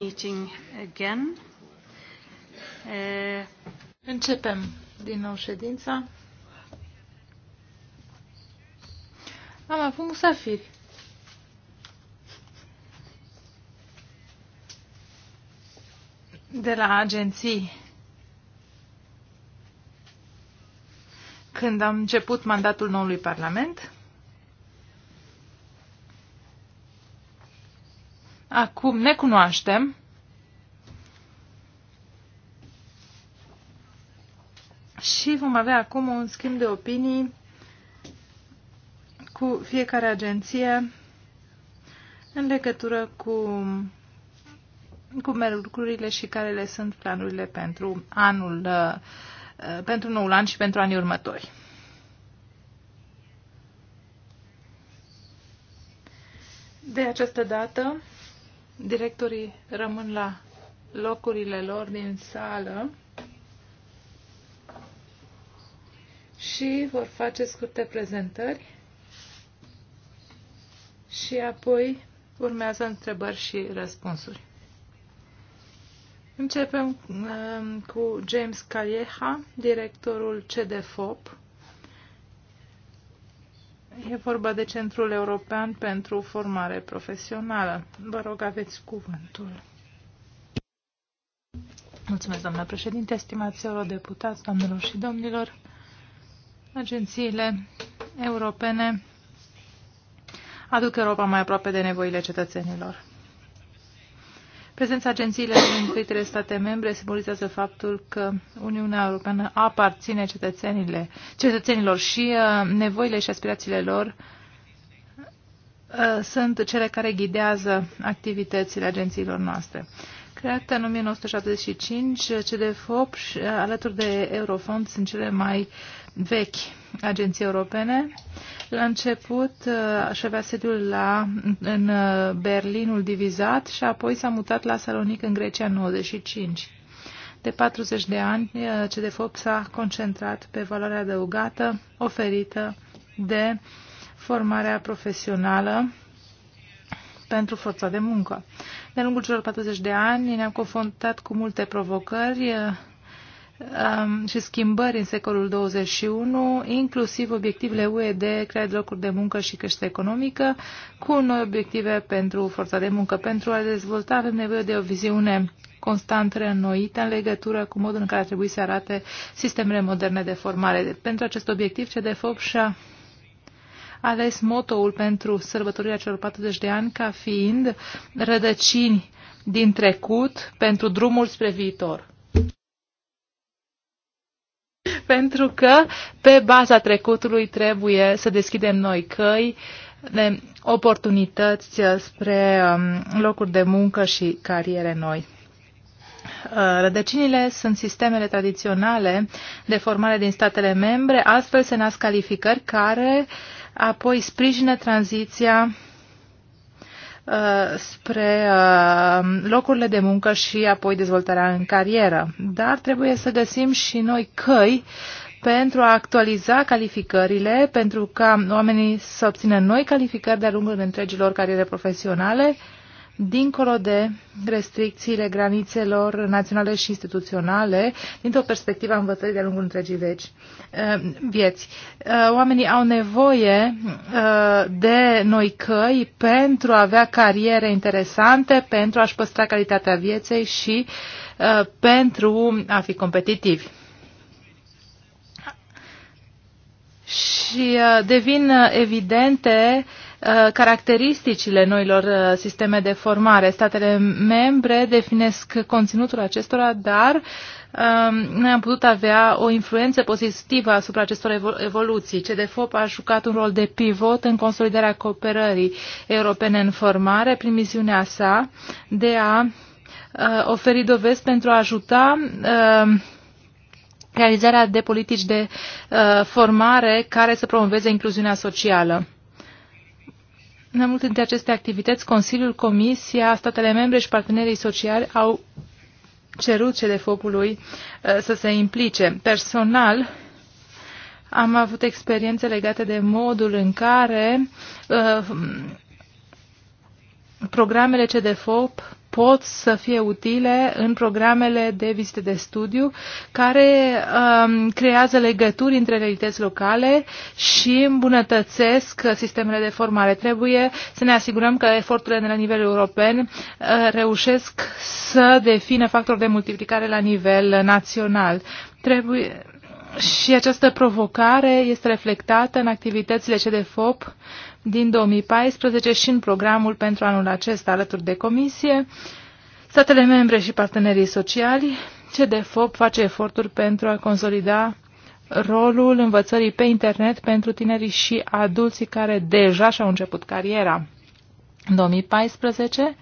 meeting again. Uh... Începem din nou ședința. Am avut musafiri. De la agenții. Când am început mandatul noului Parlament, acum ne cunoaștem și vom avea acum un schimb de opinii cu fiecare agenție în legătură cu cum merg lucrurile și care le sunt planurile pentru anul, uh, uh, pentru noul an și pentru anii următori. De această dată Directorii rămân la locurile lor din sală și vor face scurte prezentări și apoi urmează întrebări și răspunsuri. Începem uh, cu James Calleja, directorul CDFOP, E vorba de Centrul European pentru Formare Profesională. Vă rog, aveți cuvântul. Mulțumesc, doamna președinte, stimați eurodeputați, doamnelor și domnilor. Agențiile europene aduc Europa mai aproape de nevoile cetățenilor. Prezența agențiilor din diferitele state membre simbolizează faptul că Uniunea Europeană aparține cetățenilor și uh, nevoile și aspirațiile lor uh, sunt cele care ghidează activitățile agențiilor noastre. Creată în 1975, CDFOP uh, alături de Eurofond sunt cele mai vechi agenții europene. La început uh, aș avea sediul la, în uh, Berlinul divizat și apoi s-a mutat la Salonic în Grecia în 95. De 40 de ani, uh, CDFOP s-a concentrat pe valoarea adăugată oferită de formarea profesională pentru forța de muncă. de lungul celor 40 de ani ne-am confruntat cu multe provocări, Um, și schimbări în secolul 21, inclusiv obiectivele UE de creare de locuri de muncă și creștere economică, cu noi obiective pentru forța de muncă. Pentru a dezvolta avem nevoie de o viziune constant reînnoită în legătură cu modul în care ar trebui să arate sistemele moderne de formare. Pentru acest obiectiv, CDFOP și-a ales motoul pentru sărbătorirea celor 40 de ani ca fiind rădăcini din trecut pentru drumul spre viitor pentru că pe baza trecutului trebuie să deschidem noi căi de oportunități spre um, locuri de muncă și cariere noi. Uh, rădăcinile sunt sistemele tradiționale de formare din statele membre, astfel se nasc calificări care apoi sprijină tranziția Uh, spre uh, locurile de muncă și apoi dezvoltarea în carieră. Dar trebuie să găsim și noi căi pentru a actualiza calificările, pentru ca oamenii să obțină noi calificări de-a lungul întregilor cariere profesionale dincolo de restricțiile granițelor naționale și instituționale, dintr-o perspectivă a învățării de-a lungul întregii veci, uh, vieți. Uh, oamenii au nevoie uh, de noi căi pentru a avea cariere interesante, pentru a-și păstra calitatea vieței și pentru a fi competitivi. Și devin evidente uh, Uh, caracteristicile noilor uh, sisteme de formare. Statele membre definesc conținutul acestora, dar um, noi am putut avea o influență pozitivă asupra acestor evoluții. CDFOP a jucat un rol de pivot în consolidarea cooperării europene în formare prin misiunea sa de a uh, oferi dovezi pentru a ajuta realizarea de politici de formare care să promoveze incluziunea socială mai multe dintre aceste activități, Consiliul, Comisia, statele membre și partenerii sociali au cerut cele focului uh, să se implice. Personal, am avut experiențe legate de modul în care uh, programele CDFOP pot să fie utile în programele de vizite de studiu care um, creează legături între realități locale și îmbunătățesc sistemele de formare. Trebuie să ne asigurăm că eforturile de la nivel european uh, reușesc să defină factori de multiplicare la nivel național. Trebuie și această provocare este reflectată în activitățile CDFOP din 2014 și în programul pentru anul acesta alături de Comisie, statele membre și partenerii sociali, CDFOP face eforturi pentru a consolida rolul învățării pe internet pentru tinerii și adulții care deja și-au început cariera. În 2014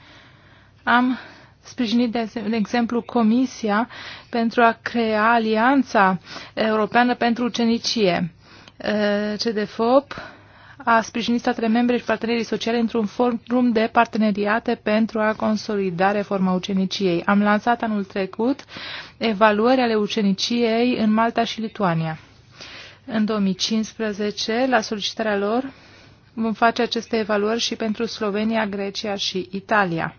am sprijinit, de, exemplu, Comisia pentru a crea Alianța Europeană pentru Ucenicie. CDFOP a sprijini statele membre și partenerii sociale într-un forum de parteneriate pentru a consolida reforma uceniciei. Am lansat anul trecut evaluări ale uceniciei în Malta și Lituania. În 2015, la solicitarea lor, vom face aceste evaluări și pentru Slovenia, Grecia și Italia.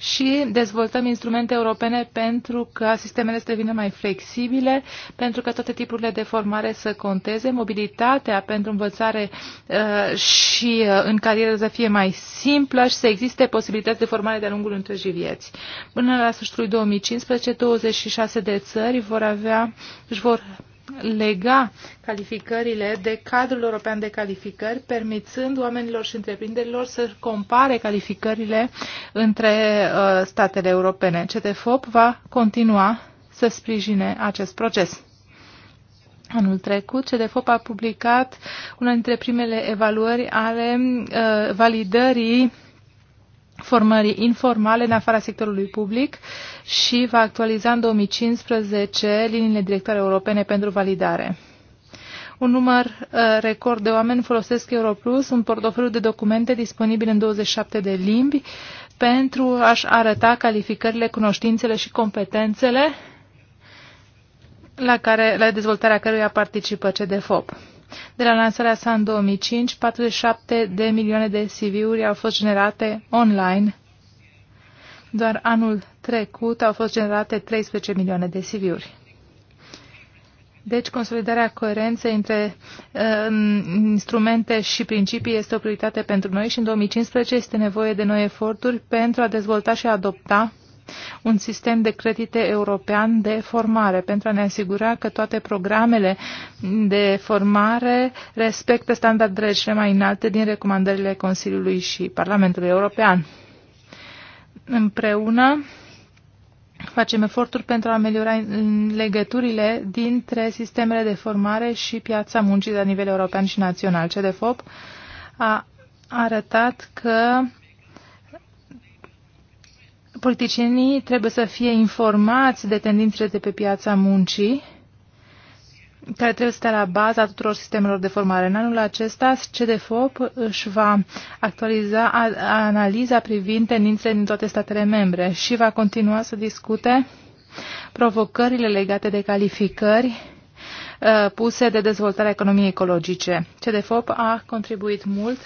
și dezvoltăm instrumente europene pentru ca sistemele să devină mai flexibile, pentru ca toate tipurile de formare să conteze, mobilitatea pentru învățare uh, și uh, în carieră să fie mai simplă și să existe posibilități de formare de-a lungul întregii vieți. Până la sfârșitul 2015, 26 de țări vor avea, își vor lega calificările de cadrul european de calificări, permițând oamenilor și întreprinderilor să compare calificările între uh, statele europene. CTFOP va continua să sprijine acest proces. Anul trecut, CDFOP a publicat una dintre primele evaluări ale uh, validării formării informale în afara sectorului public și va actualiza în 2015 liniile directoare europene pentru validare. Un număr uh, record de oameni folosesc Europlus, un portofoliu de documente disponibil în 27 de limbi, pentru a-și arăta calificările, cunoștințele și competențele la, care, la dezvoltarea căruia participă CDFOP. De la lansarea sa în 2005, 47 de milioane de CV-uri au fost generate online. Doar anul trecut au fost generate 13 milioane de CV-uri. Deci, consolidarea coerenței între uh, instrumente și principii este o prioritate pentru noi și în 2015 este nevoie de noi eforturi pentru a dezvolta și a adopta un sistem de credite european de formare pentru a ne asigura că toate programele de formare respectă standardele cele mai înalte din recomandările Consiliului și Parlamentului European. Împreună facem eforturi pentru a ameliora legăturile dintre sistemele de formare și piața muncii la nivel european și național. CDFOP a arătat că politicienii trebuie să fie informați de tendințele de pe piața muncii, care trebuie să stea la baza tuturor sistemelor de formare. În anul acesta, CDFOP își va actualiza analiza privind tendințele din toate statele membre și va continua să discute provocările legate de calificări uh, puse de dezvoltarea economiei ecologice. CDFOP a contribuit mult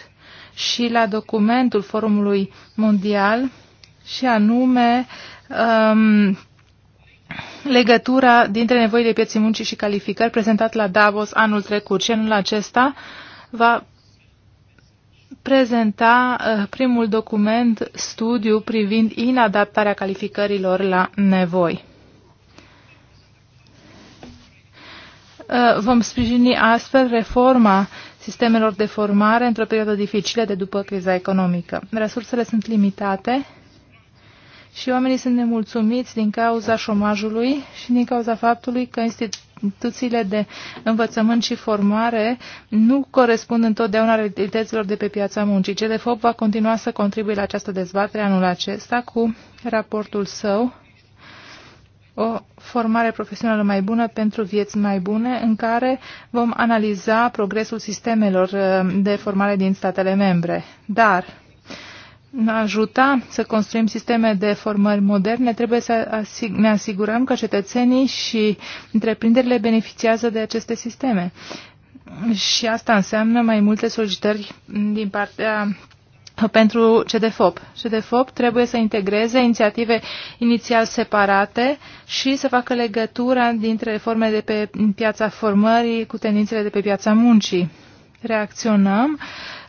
și la documentul Forumului Mondial și anume um, legătura dintre nevoile pieții muncii și calificări prezentat la Davos anul trecut și anul acesta va prezenta uh, primul document studiu privind inadaptarea calificărilor la nevoi. Uh, vom sprijini astfel reforma sistemelor de formare într-o perioadă dificilă de după criza economică. Resursele sunt limitate și oamenii sunt nemulțumiți din cauza șomajului și din cauza faptului că instituțiile de învățământ și formare nu corespund întotdeauna realităților de pe piața muncii. CDFOP va continua să contribuie la această dezbatere anul acesta cu raportul său o formare profesională mai bună pentru vieți mai bune, în care vom analiza progresul sistemelor uh, de formare din statele membre. Dar ajuta să construim sisteme de formări moderne, trebuie să ne asigurăm că cetățenii și întreprinderile beneficiază de aceste sisteme. Și asta înseamnă mai multe solicitări din partea pentru CDFOP. CDFOP trebuie să integreze inițiative inițial separate și să facă legătura dintre reformele de pe piața formării cu tendințele de pe piața muncii. Reacționăm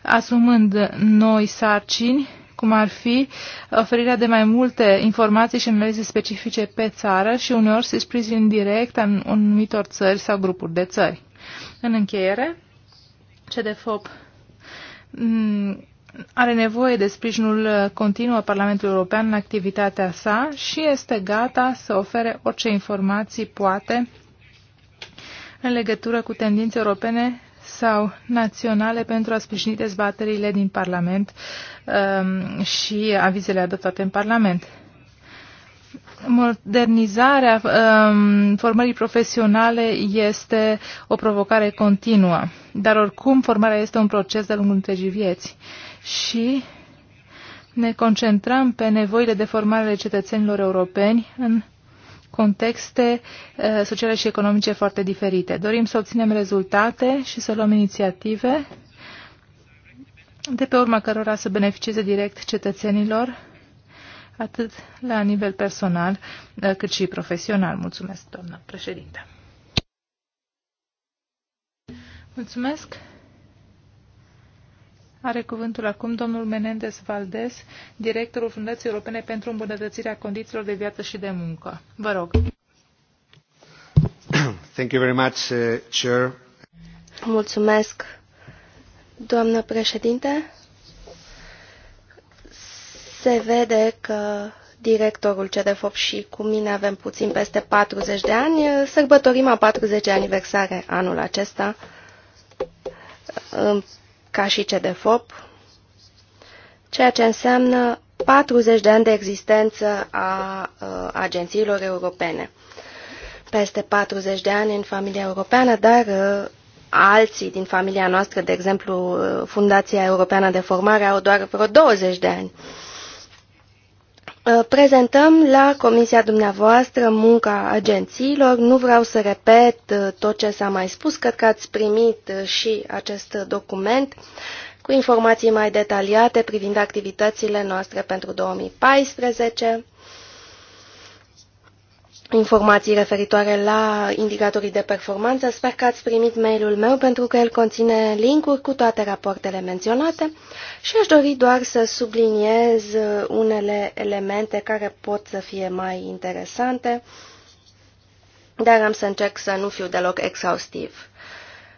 asumând noi sarcini cum ar fi oferirea de mai multe informații și analize specifice pe țară și uneori se sprijin direct în anumitor țări sau grupuri de țări. În încheiere, CDFOP mm, are nevoie de sprijinul continuu a Parlamentului European în activitatea sa și este gata să ofere orice informații poate în legătură cu tendințe europene sau naționale pentru a sprijini dezbaterile din Parlament um, și avizele adoptate în Parlament. Modernizarea um, formării profesionale este o provocare continuă, dar oricum formarea este un proces de lungul întregii vieți și ne concentrăm pe nevoile de formare ale cetățenilor europeni în contexte eh, sociale și economice foarte diferite. Dorim să obținem rezultate și să luăm inițiative de pe urma cărora să beneficieze direct cetățenilor, atât la nivel personal eh, cât și profesional. Mulțumesc, doamnă președinte. Mulțumesc. Are cuvântul acum domnul Menendez Valdez, directorul Fundației Europene pentru îmbunătățirea condițiilor de viață și de muncă. Vă rog. Thank you very much, uh, Chair. Mulțumesc, doamnă președinte. Se vede că directorul CDFOP și cu mine avem puțin peste 40 de ani. Sărbătorim a 40 aniversare anul acesta ca și CDFOP, ceea ce înseamnă 40 de ani de existență a a ă, agențiilor europene. Peste 40 de ani în familia europeană, dar a, ă, alții din familia noastră, de exemplu ă, Fundația Europeană de Formare, au doar vreo 20 de ani. Uh, prezentăm la comisia dumneavoastră munca agențiilor. Nu vreau să repet uh, tot ce s-a mai spus, cred că ați primit uh, și acest document cu informații mai detaliate privind activitățile noastre pentru 2014 informații referitoare la indicatorii de performanță. Sper că ați primit mailul meu pentru că el conține linkuri cu toate rapoartele menționate și aș dori doar să subliniez unele elemente care pot să fie mai interesante, dar am să încerc să nu fiu deloc exhaustiv.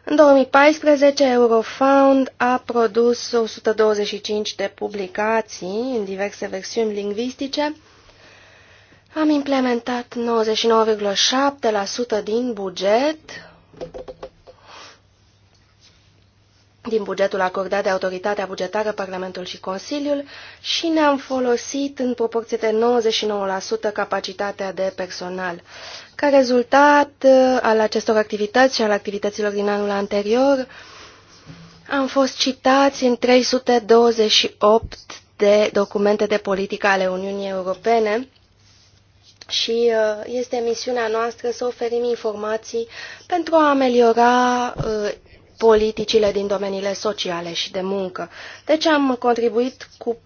În 2014, Eurofound a produs 125 de publicații în diverse versiuni lingvistice, am implementat 99,7% din buget, din bugetul acordat de autoritatea bugetară, Parlamentul și Consiliul și ne-am folosit în proporție de 99% capacitatea de personal. Ca rezultat uh, al acestor activități și al activităților din anul anterior, am fost citați în 328 de documente de politică ale Uniunii Europene, și uh, este misiunea noastră să oferim informații pentru a ameliora uh, politicile din domeniile sociale și de muncă. Deci am contribuit cu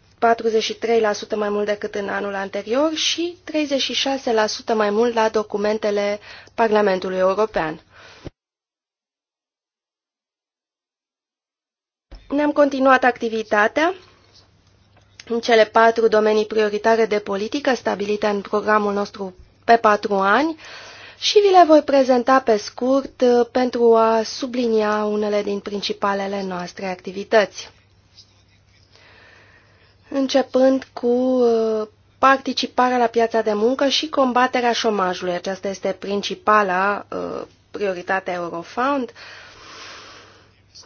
43% mai mult decât în anul anterior și 36% mai mult la documentele Parlamentului European. Ne-am continuat activitatea în cele patru domenii prioritare de politică stabilite în programul nostru pe patru ani și vi le voi prezenta pe scurt uh, pentru a sublinia unele din principalele noastre activități. Începând cu uh, participarea la piața de muncă și combaterea șomajului. Aceasta este principala uh, prioritate Eurofound. Uh,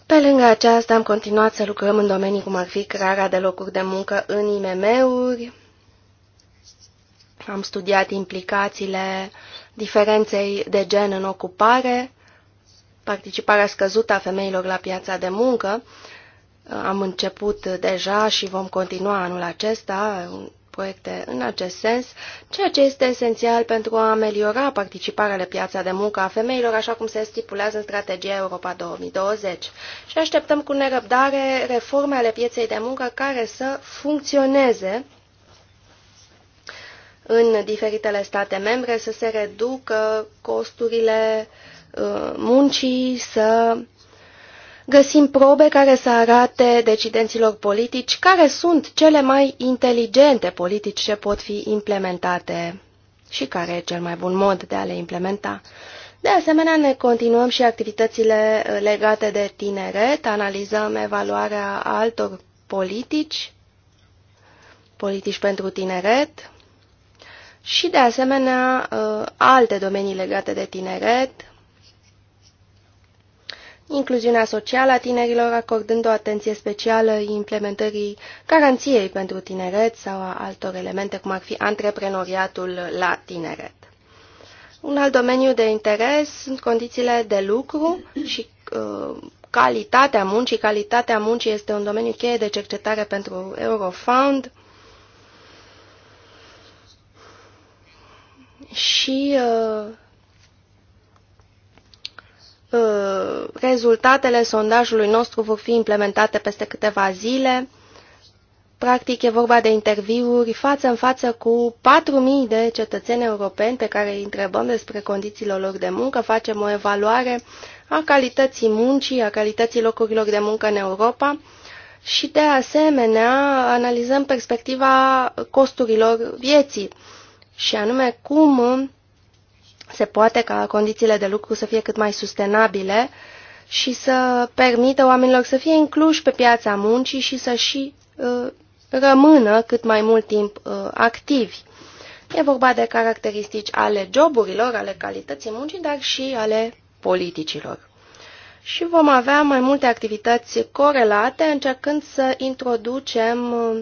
pe lângă aceasta am continuat să lucrăm în domenii cum ar fi crearea de locuri de muncă în IMM-uri, am studiat implicațiile diferenței de gen în ocupare, participarea scăzută a femeilor la piața de muncă. Am început deja și vom continua anul acesta proiecte în acest sens, ceea ce este esențial pentru a ameliora participarea la piața de muncă a femeilor, așa cum se stipulează în strategia Europa 2020. Și așteptăm cu nerăbdare reforme ale pieței de muncă care să funcționeze în diferitele state membre, să se reducă costurile uh, muncii, să găsim probe care să arate decidenților politici care sunt cele mai inteligente politici ce pot fi implementate și care e cel mai bun mod de a le implementa. De asemenea, ne continuăm și activitățile uh, legate de tineret, analizăm evaluarea altor politici, politici pentru tineret și, de asemenea, uh, alte domenii legate de tineret, incluziunea socială a tinerilor, acordând o atenție specială implementării garanției pentru tineret sau a altor elemente, cum ar fi antreprenoriatul la tineret. Un alt domeniu de interes sunt condițiile de lucru și uh, calitatea muncii. Calitatea muncii este un domeniu cheie de cercetare pentru Eurofound. Și uh, Uh, rezultatele sondajului nostru vor fi implementate peste câteva zile. Practic e vorba de interviuri față în față cu 4.000 de cetățeni europeni pe care îi întrebăm despre condițiile lor de muncă, facem o evaluare a calității muncii, a calității locurilor de muncă în Europa și de asemenea analizăm perspectiva costurilor vieții și anume cum se poate ca condițiile de lucru să fie cât mai sustenabile și să permită oamenilor să fie incluși pe piața muncii și să și uh, rămână cât mai mult timp uh, activi. E vorba de caracteristici ale joburilor, ale calității muncii, dar și ale politicilor. Și vom avea mai multe activități corelate, încercând să introducem uh,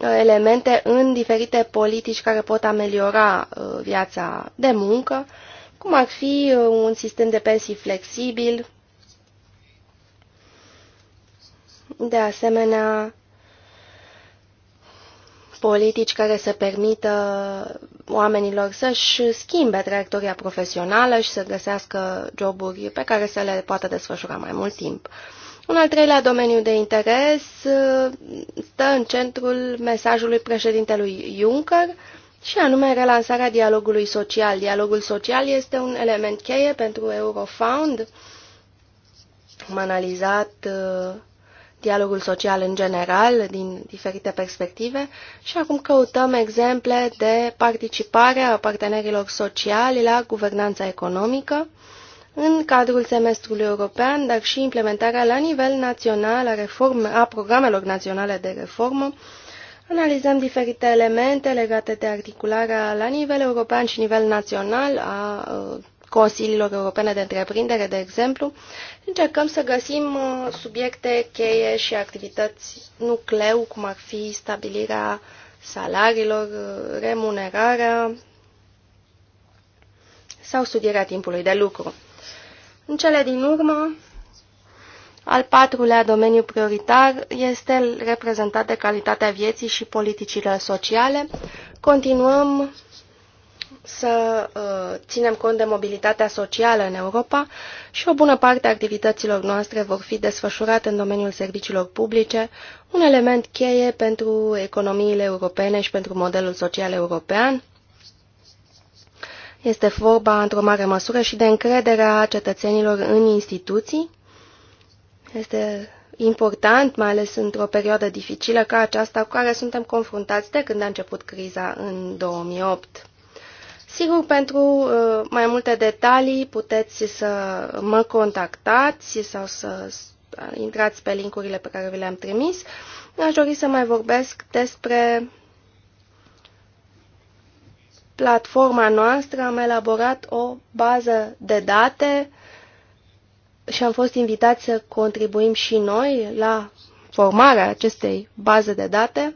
Uh, elemente în diferite politici care pot ameliora uh, viața de muncă, cum ar fi uh, un sistem de pensii flexibil, de asemenea politici care să permită oamenilor să-și schimbe traiectoria profesională și să găsească joburi pe care să le poată desfășura mai mult timp. Un al treilea domeniu de interes uh, stă în centrul mesajului președintelui Juncker și anume relansarea dialogului social. Dialogul social este un element cheie pentru Eurofound. Am analizat uh, dialogul social în general din diferite perspective și acum căutăm exemple de participare a partenerilor sociali la guvernanța economică în cadrul semestrului european, dar și implementarea la nivel național a, reforme, a programelor naționale de reformă. Analizăm diferite elemente legate de articularea la nivel european și nivel național a uh, Consiliilor Europene de Întreprindere, de exemplu. Încercăm să găsim uh, subiecte cheie și activități nucleu, cum ar fi stabilirea salariilor, uh, remunerarea sau studierea timpului de lucru. În cele din urmă, al patrulea domeniu prioritar este reprezentat de calitatea vieții și politicile sociale. Continuăm să uh, ținem cont de mobilitatea socială în Europa și o bună parte a activităților noastre vor fi desfășurate în domeniul serviciilor publice, un element cheie pentru economiile europene și pentru modelul social european. Este vorba, într-o mare măsură, și de încrederea cetățenilor în instituții. Este important, mai ales într-o perioadă dificilă ca aceasta cu care suntem confruntați de când a început criza în 2008. Sigur, pentru uh, mai multe detalii puteți să mă contactați sau să intrați pe linkurile pe care vi le-am trimis. Aș dori să mai vorbesc despre platforma noastră am elaborat o bază de date și am fost invitați să contribuim și noi la formarea acestei baze de date.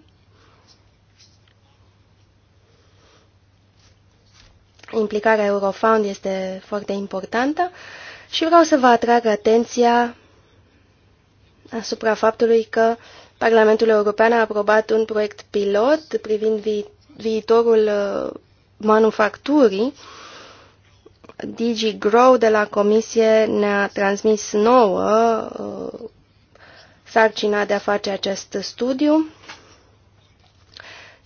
Implicarea Eurofound este foarte importantă și vreau să vă atrag atenția asupra faptului că Parlamentul European a aprobat un proiect pilot privind vi viitorul uh, manufacturii, DigiGrow de la Comisie ne-a transmis nouă uh, sarcina de a face acest studiu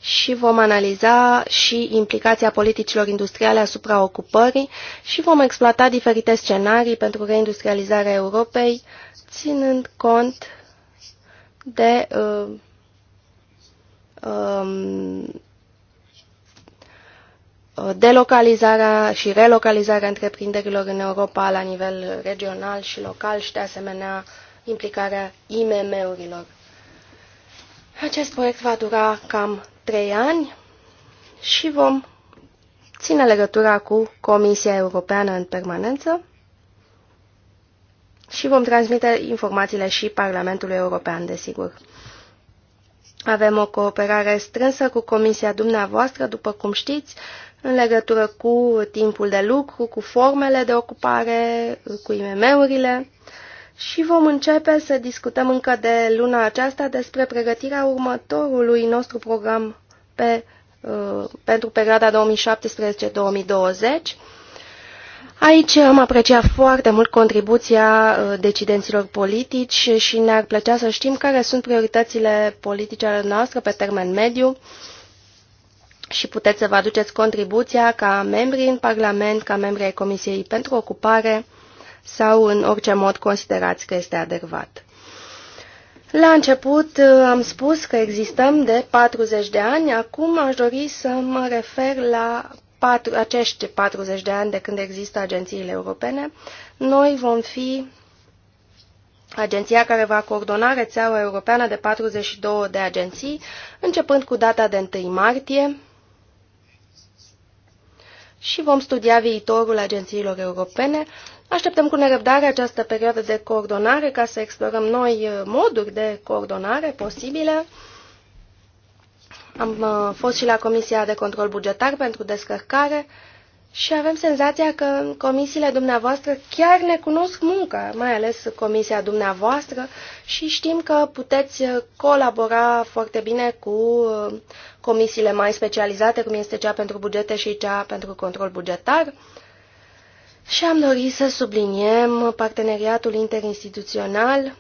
și vom analiza și implicația politicilor industriale asupra ocupării și vom exploata diferite scenarii pentru reindustrializarea Europei, ținând cont de uh, um, Uh, delocalizarea și relocalizarea întreprinderilor în Europa la nivel regional și local și, de asemenea, implicarea IMM-urilor. Acest proiect va dura cam trei ani și vom ține legătura cu Comisia Europeană în permanență și vom transmite informațiile și Parlamentului European, desigur. Avem o cooperare strânsă cu Comisia dumneavoastră, după cum știți, în legătură cu timpul de lucru, cu formele de ocupare, cu IMM-urile și vom începe să discutăm încă de luna aceasta despre pregătirea următorului nostru program pe, uh, pentru perioada 2017-2020. Aici am apreciat foarte mult contribuția uh, decidenților politici și ne-ar plăcea să știm care sunt prioritățile politice ale noastre pe termen mediu și puteți să vă aduceți contribuția ca membri în Parlament, ca membri ai Comisiei pentru Ocupare sau în orice mod considerați că este adecvat. La început uh, am spus că existăm de 40 de ani, acum aș dori să mă refer la patru, acești 40 de ani de când există agențiile europene. Noi vom fi agenția care va coordona rețeaua europeană de 42 de agenții, începând cu data de 1 martie și vom studia viitorul agențiilor europene. Așteptăm cu nerăbdare această perioadă de coordonare ca să explorăm noi uh, moduri de coordonare posibile. Am uh, fost și la Comisia de Control Bugetar pentru descărcare și avem senzația că comisiile dumneavoastră chiar ne cunosc munca, mai ales comisia dumneavoastră și știm că puteți uh, colabora foarte bine cu uh, comisiile mai specializate, cum este cea pentru bugete și cea pentru control bugetar. Și am dorit să subliniem parteneriatul interinstituțional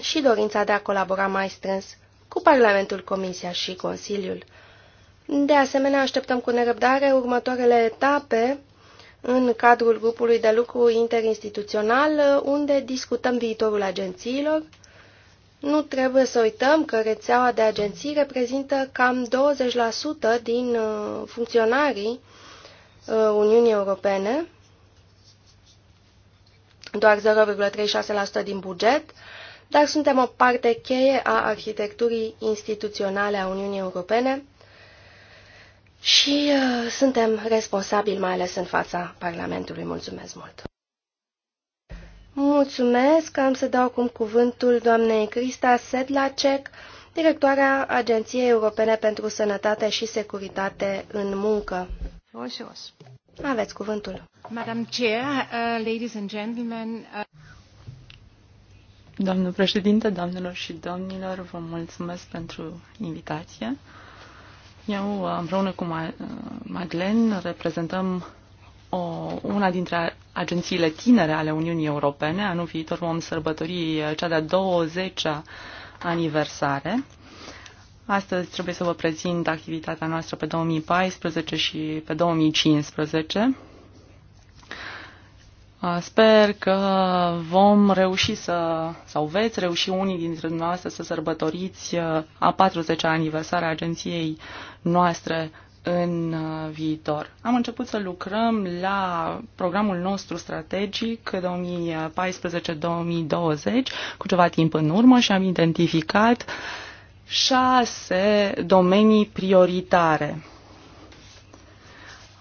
și dorința de a colabora mai strâns cu Parlamentul, Comisia și Consiliul. De asemenea, așteptăm cu nerăbdare următoarele etape în cadrul grupului de lucru interinstituțional, unde discutăm viitorul agențiilor. Nu trebuie să uităm că rețeaua de agenții reprezintă cam 20% din uh, funcționarii uh, Uniunii Europene, doar 0,36% din buget, dar suntem o parte cheie a arhitecturii instituționale a Uniunii Europene, și uh, suntem responsabili mai ales în fața Parlamentului. Mulțumesc mult! Mulțumesc! Am să dau acum cuvântul doamnei Crista Sedlacek, directoarea Agenției Europene pentru Sănătate și Securitate în Muncă. mulțumesc. Aveți cuvântul. Madam Chair, uh, ladies and gentlemen, uh... Doamnă președinte, doamnelor și domnilor, vă mulțumesc pentru invitație. Eu, împreună cu Madeleine, reprezentăm o, una dintre agențiile tinere ale Uniunii Europene. Anul viitor vom sărbători cea de-a 20-a aniversare. Astăzi trebuie să vă prezint activitatea noastră pe 2014 și pe 2015. Uh, sper că vom reuși să, sau veți reuși unii dintre dumneavoastră să sărbătoriți uh, a 40-a aniversare a agenției noastre în uh, viitor. Am început să lucrăm la programul nostru strategic 2014-2020 cu ceva timp în urmă și am identificat șase domenii prioritare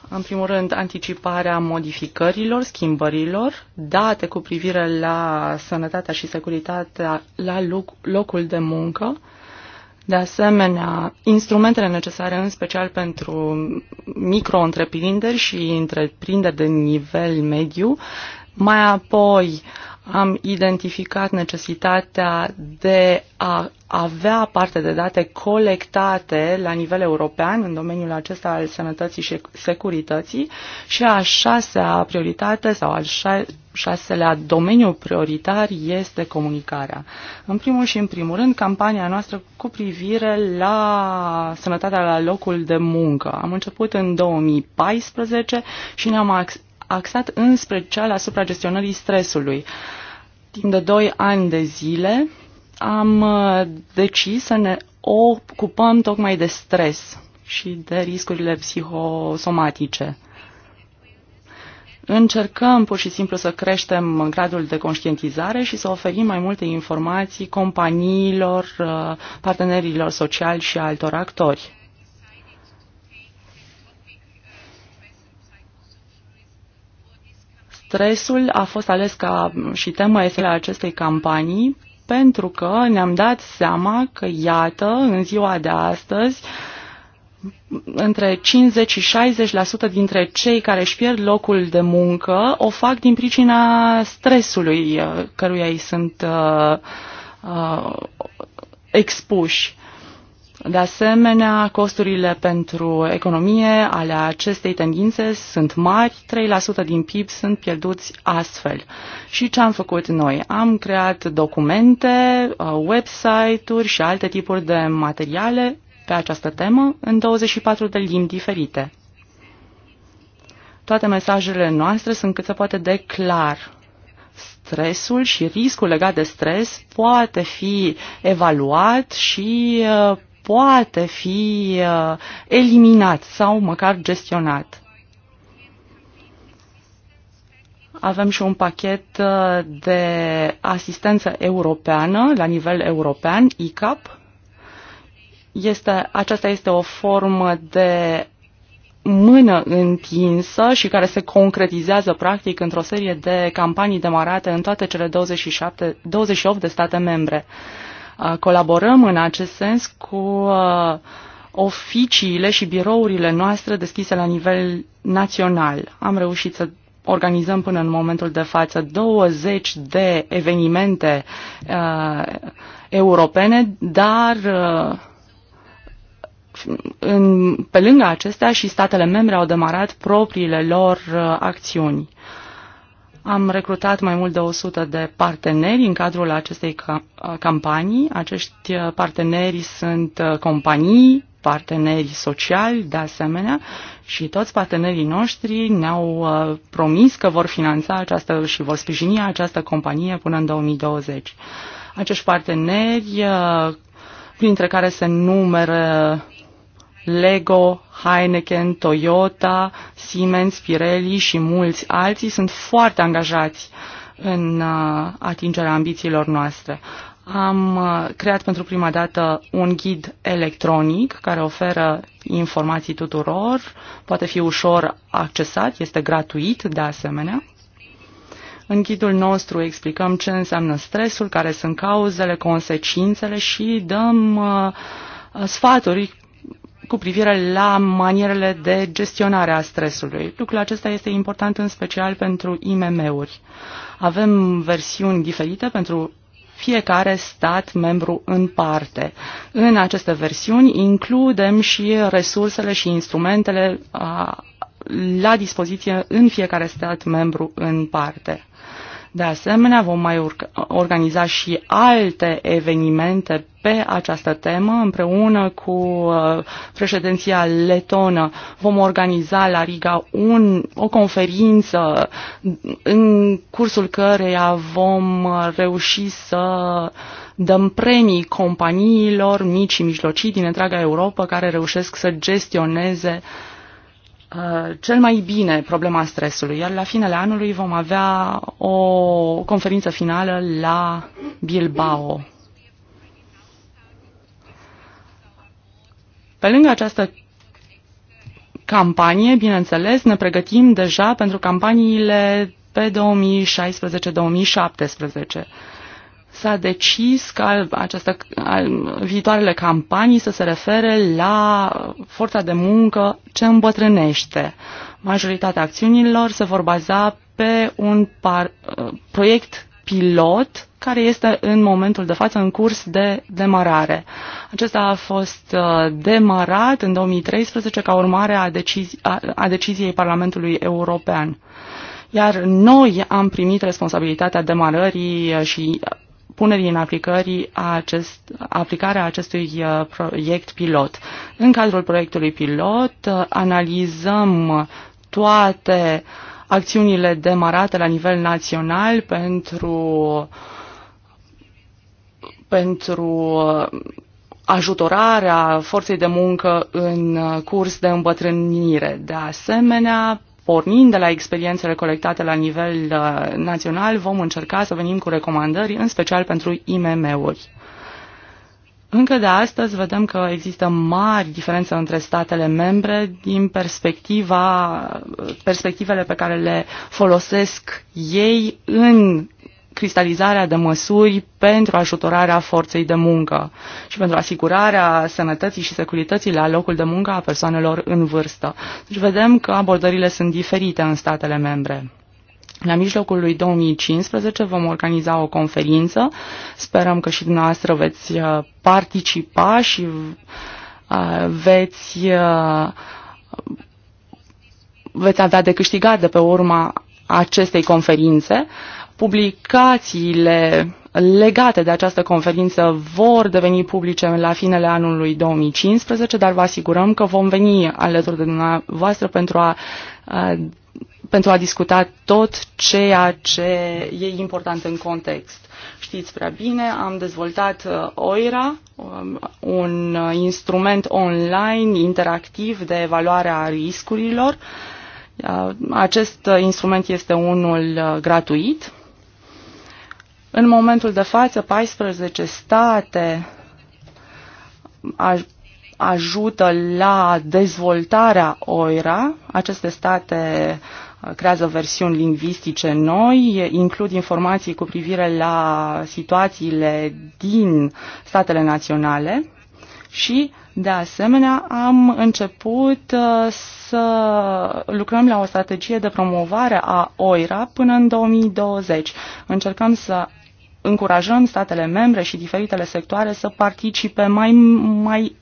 în primul rând, anticiparea modificărilor, schimbărilor, date cu privire la sănătatea și securitatea la loc, locul de muncă, de asemenea, instrumentele necesare în special pentru micro-întreprinderi și întreprinderi de nivel mediu. Mai apoi am identificat necesitatea de a avea parte de date colectate la nivel european în domeniul acesta al sănătății și securității și a șasea prioritate sau al șaselea domeniu prioritar este comunicarea. În primul și în primul rând, campania noastră cu privire la sănătatea la locul de muncă. Am început în 2014 și ne-am axat înspre special asupra gestionării stresului. Timp de 2 ani de zile, am uh, decis să ne ocupăm tocmai de stres și de riscurile psihosomatice. Încercăm pur și simplu să creștem gradul de conștientizare și să oferim mai multe informații companiilor, uh, partenerilor sociali și altor actori. Stresul a fost ales ca și temă esențială a acestei campanii pentru că ne-am dat seama că, iată, în ziua de astăzi, între 50 și 60% dintre cei care își pierd locul de muncă o fac din pricina stresului uh, căruia ei sunt uh, uh, expuși. De asemenea, costurile pentru economie ale acestei tendințe sunt mari, 3% din PIB sunt pierduți astfel. Și ce am făcut noi? Am creat documente, uh, website-uri și alte tipuri de materiale pe această temă în 24 de limbi diferite. Toate mesajele noastre sunt cât se poate de clar. Stresul și riscul legat de stres poate fi evaluat și uh, poate fi uh, eliminat sau măcar gestionat. Avem și un pachet uh, de asistență europeană la nivel european, ICAP. Este, aceasta este o formă de mână întinsă și care se concretizează practic într-o serie de campanii demarate în toate cele 27, 28 de state membre. Uh, Colaborăm în acest sens cu oficiile și birourile noastre deschise la nivel național. Am reușit să organizăm până în momentul de față 20 de evenimente uh, europene, dar uh, în, pe lângă acestea și statele membre au demarat propriile lor uh, acțiuni. Uh, am recrutat mai mult de 100 de parteneri în cadrul acestei campanii. Acești uh, parteneri sunt uh, companii, parteneri sociali, de asemenea, și toți partenerii noștri ne-au uh, promis că vor finanța această și vor sprijini această companie până în 2020. Acești parteneri, printre care se numără Lego, Heineken, Toyota, Siemens, Pirelli și mulți alții sunt foarte angajați în uh, atingerea ambițiilor noastre. Am uh, creat pentru prima dată un ghid electronic care oferă informații tuturor, poate fi ușor accesat, este gratuit de asemenea. În ghidul nostru explicăm ce înseamnă stresul, care sunt cauzele, consecințele și dăm uh, sfaturi cu privire la manierele de gestionare a stresului. Lucrul acesta este important în special pentru IMM-uri. Avem versiuni diferite pentru fiecare stat membru în parte. În aceste versiuni includem și resursele și instrumentele la dispoziție în fiecare stat membru în parte. De asemenea, vom mai organiza și alte evenimente pe această temă împreună cu uh, președinția letonă. Vom organiza la Riga un, o conferință în cursul căreia vom reuși să dăm premii companiilor mici și mijlocii din întreaga Europa care reușesc să gestioneze uh, Uh, cel mai bine problema stresului, iar la finele anului vom avea o conferință finală la Bilbao. Pe lângă această campanie, bineînțeles, ne pregătim deja pentru campaniile pe 2016-2017 s-a decis ca această, viitoarele campanii să se refere la forța de muncă ce îmbătrânește. Majoritatea acțiunilor se vor baza pe un par, proiect pilot care este în momentul de față în curs de demarare. Acesta a fost uh, demarat în 2013 ca urmare a, decizi, a, a deciziei Parlamentului European. Iar noi am primit responsabilitatea demarării uh, și uh, punerii în aplicării a acest, aplicarea acestui uh, proiect pilot. În cadrul proiectului pilot uh, analizăm toate acțiunile demarate la nivel național pentru, pentru uh, ajutorarea forței de muncă în curs de îmbătrânire. De asemenea, pornind de la experiențele colectate la nivel uh, național, vom încerca să venim cu recomandări, în special pentru IMM-uri. Încă de astăzi vedem că există mari diferențe între statele membre din perspectiva, perspectivele pe care le folosesc ei în cristalizarea de măsuri pentru ajutorarea forței de muncă și pentru asigurarea sănătății și securității la locul de muncă a persoanelor în vârstă. Deci vedem că abordările sunt diferite în statele membre. La mijlocul lui 2015 vom organiza o conferință. Sperăm că și dumneavoastră veți uh, participa și uh, veți, uh, veți avea de câștigat de pe urma acestei conferințe. Publicațiile legate de această conferință vor deveni publice la finele anului 2015, dar vă asigurăm că vom veni alături de dumneavoastră pentru a, pentru a discuta tot ceea ce e important în context. Știți prea bine, am dezvoltat uh, OIRA, um, un uh, instrument online interactiv de evaluare a riscurilor. Uh, acest instrument este unul gratuit, în momentul de față, 14 state ajută la dezvoltarea OIRA. Aceste state uh, creează versiuni lingvistice noi, includ informații cu privire la situațiile din statele naționale și, de asemenea, am început uh, să lucrăm la o strategie de promovare a OIRA până în 2020. Încercăm să încurajăm statele membre și diferitele sectoare să participe mai, mai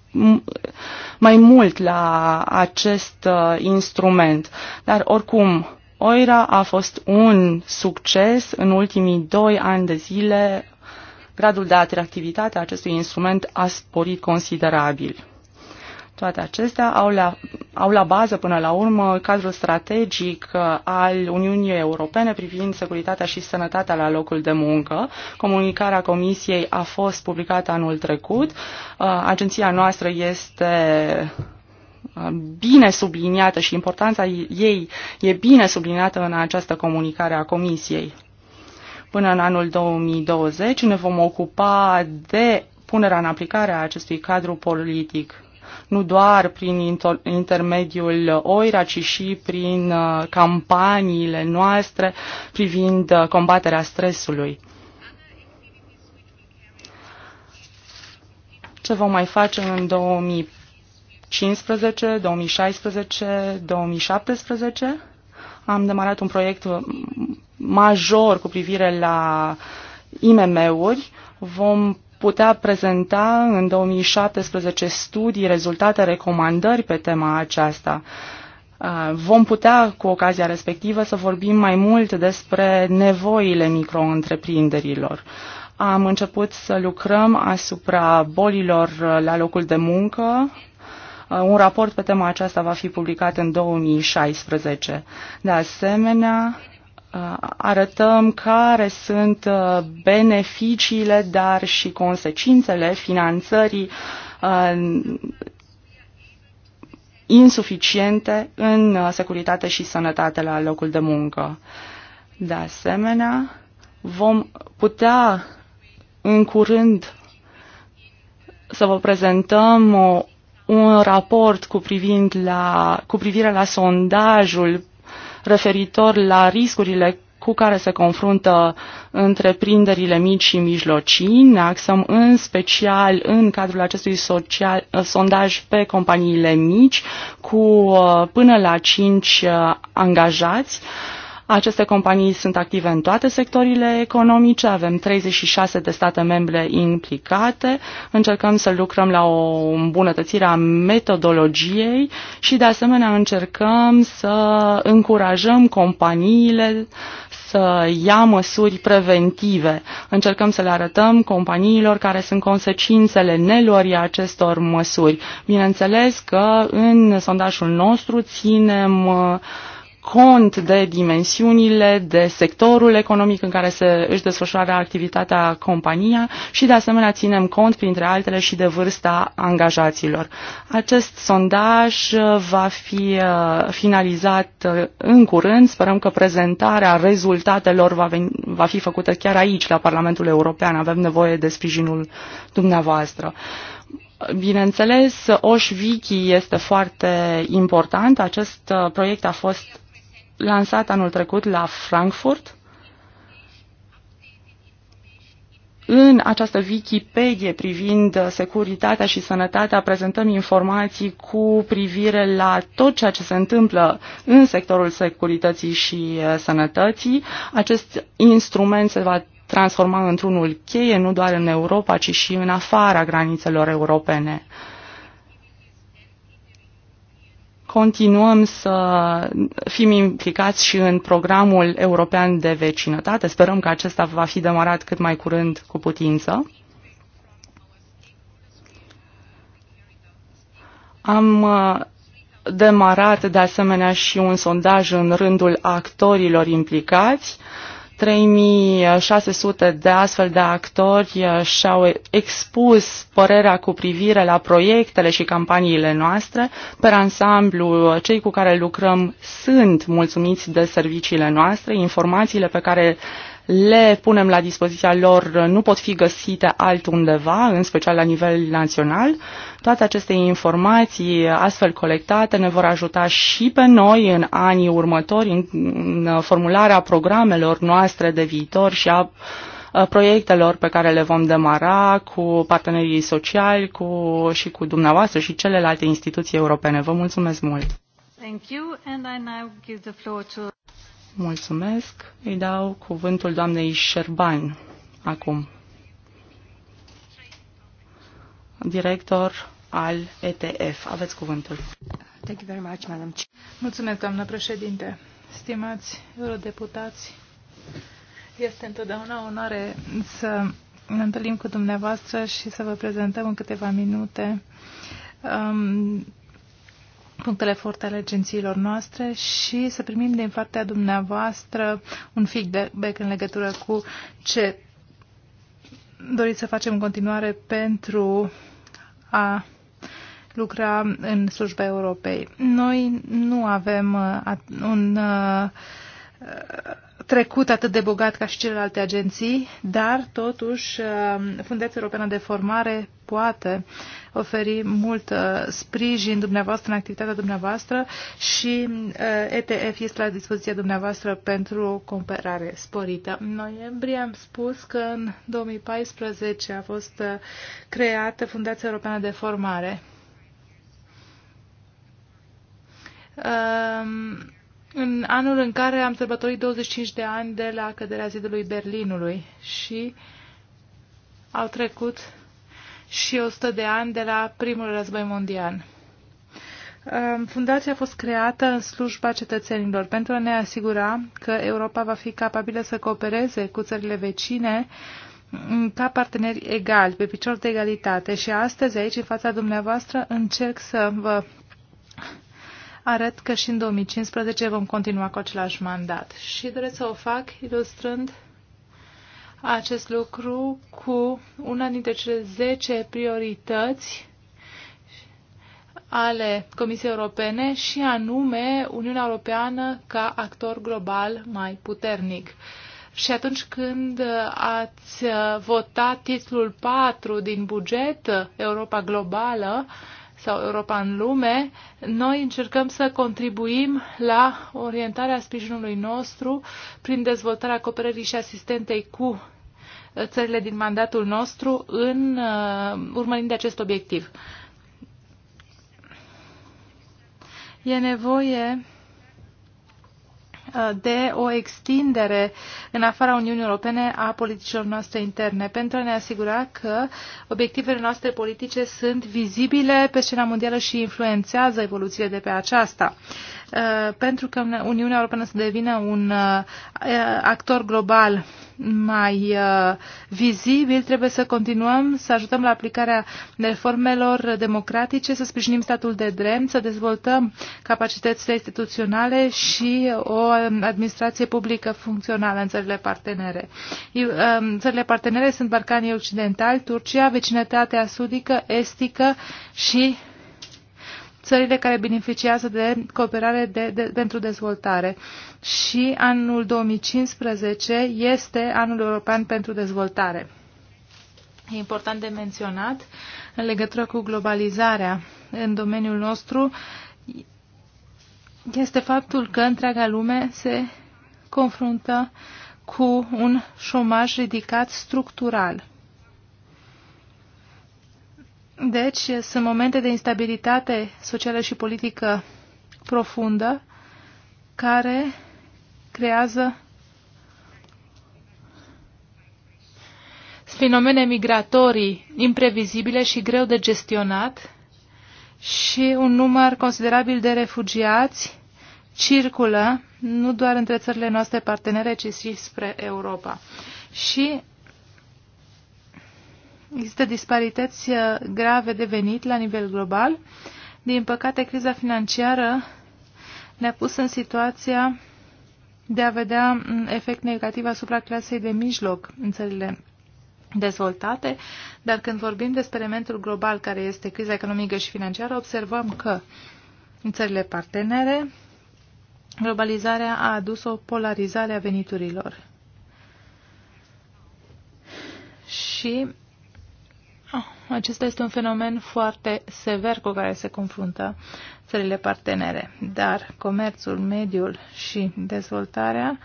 mai mult la acest uh, instrument. Dar oricum, OIRA a fost un succes în ultimii doi ani de zile. Gradul de atractivitate a acestui instrument a sporit considerabil. Toate acestea au la, au la bază până la urmă cadrul strategic uh, al Uniunii Europene privind securitatea și sănătatea la locul de muncă. Comunicarea Comisiei a fost publicată anul trecut. Uh, agenția noastră este uh, bine subliniată și importanța ei e bine subliniată în această comunicare a Comisiei. Până în anul 2020 ne vom ocupa de punerea în aplicare a acestui cadru politic nu doar prin intermediul OIRA, ci și prin uh, campaniile noastre privind uh, combaterea stresului. Ce vom mai face în 2015, 2016, 2017? Am demarat un proiect uh, major cu privire la IMM-uri. Vom putea prezenta în 2017 studii, rezultate, recomandări pe tema aceasta. Uh, vom putea, cu ocazia respectivă, să vorbim mai mult despre nevoile micro-întreprinderilor. Am început să lucrăm asupra bolilor la locul de muncă, uh, un raport pe tema aceasta va fi publicat în 2016. De asemenea, Uh, arătăm care sunt uh, beneficiile, dar și consecințele finanțării uh, insuficiente în securitate și sănătate la locul de muncă. De asemenea, vom putea în curând să vă prezentăm un raport cu, privind la, cu privire la sondajul referitor la riscurile cu care se confruntă întreprinderile mici și mijlocii. Ne axăm în special în cadrul acestui social, uh, sondaj pe companiile mici cu uh, până la 5 uh, angajați. Aceste companii sunt active în toate sectorile economice, avem 36 de state membre implicate, încercăm să lucrăm la o îmbunătățire a metodologiei și de asemenea încercăm să încurajăm companiile să ia măsuri preventive. Încercăm să le arătăm companiilor care sunt consecințele nelorii acestor măsuri. Bineînțeles că în sondajul nostru ținem uh, cont de dimensiunile, de sectorul economic în care se își desfășoară activitatea compania și de asemenea ținem cont, printre altele, și de vârsta angajaților. Acest sondaj uh, va fi uh, finalizat uh, în curând. Sperăm că prezentarea rezultatelor va, veni, va fi făcută chiar aici, la Parlamentul European. Avem nevoie de sprijinul dumneavoastră. Bineînțeles, Oș Wiki este foarte important. Acest proiect a fost lansat anul trecut la Frankfurt. În această Wikipedia privind securitatea și sănătatea prezentăm informații cu privire la tot ceea ce se întâmplă în sectorul securității și uh, sănătății. Acest instrument se va transforma într-unul cheie nu doar în Europa, ci și în afara granițelor europene continuăm să fim implicați și în programul european de vecinătate. Sperăm că acesta va fi demarat cât mai curând cu putință. Am uh, demarat de asemenea și un sondaj în rândul actorilor implicați uh, 3600 de astfel de actori uh, și-au expus părerea cu privire la proiectele și campaniile noastre. Pe ansamblu, uh, cei cu care lucrăm sunt mulțumiți de serviciile noastre, informațiile pe care le punem la dispoziția lor nu pot fi găsite altundeva, în special la nivel național. Toate aceste informații astfel colectate ne vor ajuta și pe noi în anii următori în formularea programelor noastre de viitor și a proiectelor pe care le vom demara cu partenerii sociali cu, și cu dumneavoastră și celelalte instituții europene. Vă mulțumesc mult! Thank you, and I now give the floor to... Mulțumesc. Îi dau cuvântul doamnei Șerban acum, director al ETF. Aveți cuvântul. Thank you very much, madam. Mulțumesc, doamnă președinte. Stimați eurodeputați, este întotdeauna onoare să ne întâlnim cu dumneavoastră și să vă prezentăm în câteva minute um, punctele forte ale agențiilor noastre și să primim din partea dumneavoastră un feedback în legătură cu ce doriți să facem în continuare pentru a lucra în slujba Europei. Noi nu avem uh, un uh, trecut atât de bogat ca și celelalte agenții, dar totuși uh, Fundația Europeană de Formare poate oferi mult uh, sprijin dumneavoastră în activitatea dumneavoastră și uh, ETF este la dispoziția dumneavoastră pentru o comparare sporită. În noiembrie am spus că în 2014 a fost uh, creată Fundația Europeană de Formare. Um, în anul în care am sărbătorit 25 de ani de la căderea zidului Berlinului și au trecut și 100 de ani de la primul război mondial. Fundația a fost creată în slujba cetățenilor pentru a ne asigura că Europa va fi capabilă să coopereze cu țările vecine mm, ca parteneri egali, pe picior de egalitate. Și astăzi, aici, în fața dumneavoastră, încerc să vă arăt că și în 2015 vom continua cu același mandat. Și doresc să o fac ilustrând acest lucru cu una dintre cele 10 priorități ale Comisiei Europene și anume Uniunea Europeană ca actor global mai puternic. Și atunci când ați votat titlul 4 din buget, Europa Globală, sau Europa în lume, noi încercăm să contribuim la orientarea sprijinului nostru prin dezvoltarea cooperării și asistentei cu uh, țările din mandatul nostru în uh, urmărind acest obiectiv. E nevoie de o extindere în afara Uniunii Europene a politicilor noastre interne, pentru a ne asigura că obiectivele noastre politice sunt vizibile pe scena mondială și influențează evoluțiile de pe aceasta. Uh, pentru că Uniunea Europeană să devină un uh, actor global mai uh, vizibil, trebuie să continuăm să ajutăm la aplicarea reformelor democratice, să sprijinim statul de drept, să dezvoltăm capacitățile instituționale și o Um, administrație publică funcțională în țările partenere. Um, țările partenere sunt Balcanii Occidentali, Turcia, vecinătatea sudică, estică și țările care beneficiază de cooperare de, de, pentru dezvoltare. Și anul 2015 este anul european pentru dezvoltare. E important de menționat în legătură cu globalizarea în domeniul nostru este faptul că întreaga lume se confruntă cu un șomaj ridicat structural. Deci, sunt momente de instabilitate socială și politică profundă care creează fenomene migratorii imprevizibile și greu de gestionat și un număr considerabil de refugiați circulă nu doar între țările noastre partenere, ci și spre Europa. Și există disparități uh, grave de venit la nivel global. Din păcate, criza financiară ne-a pus în situația de a vedea mm, efect negativ asupra clasei de mijloc în țările dezvoltate, dar când vorbim despre elementul global care este criza economică și financiară, observăm că în țările partenere globalizarea a adus o polarizare a veniturilor. Și oh, acesta este un fenomen foarte sever cu care se confruntă țările partenere, dar comerțul, mediul și dezvoltarea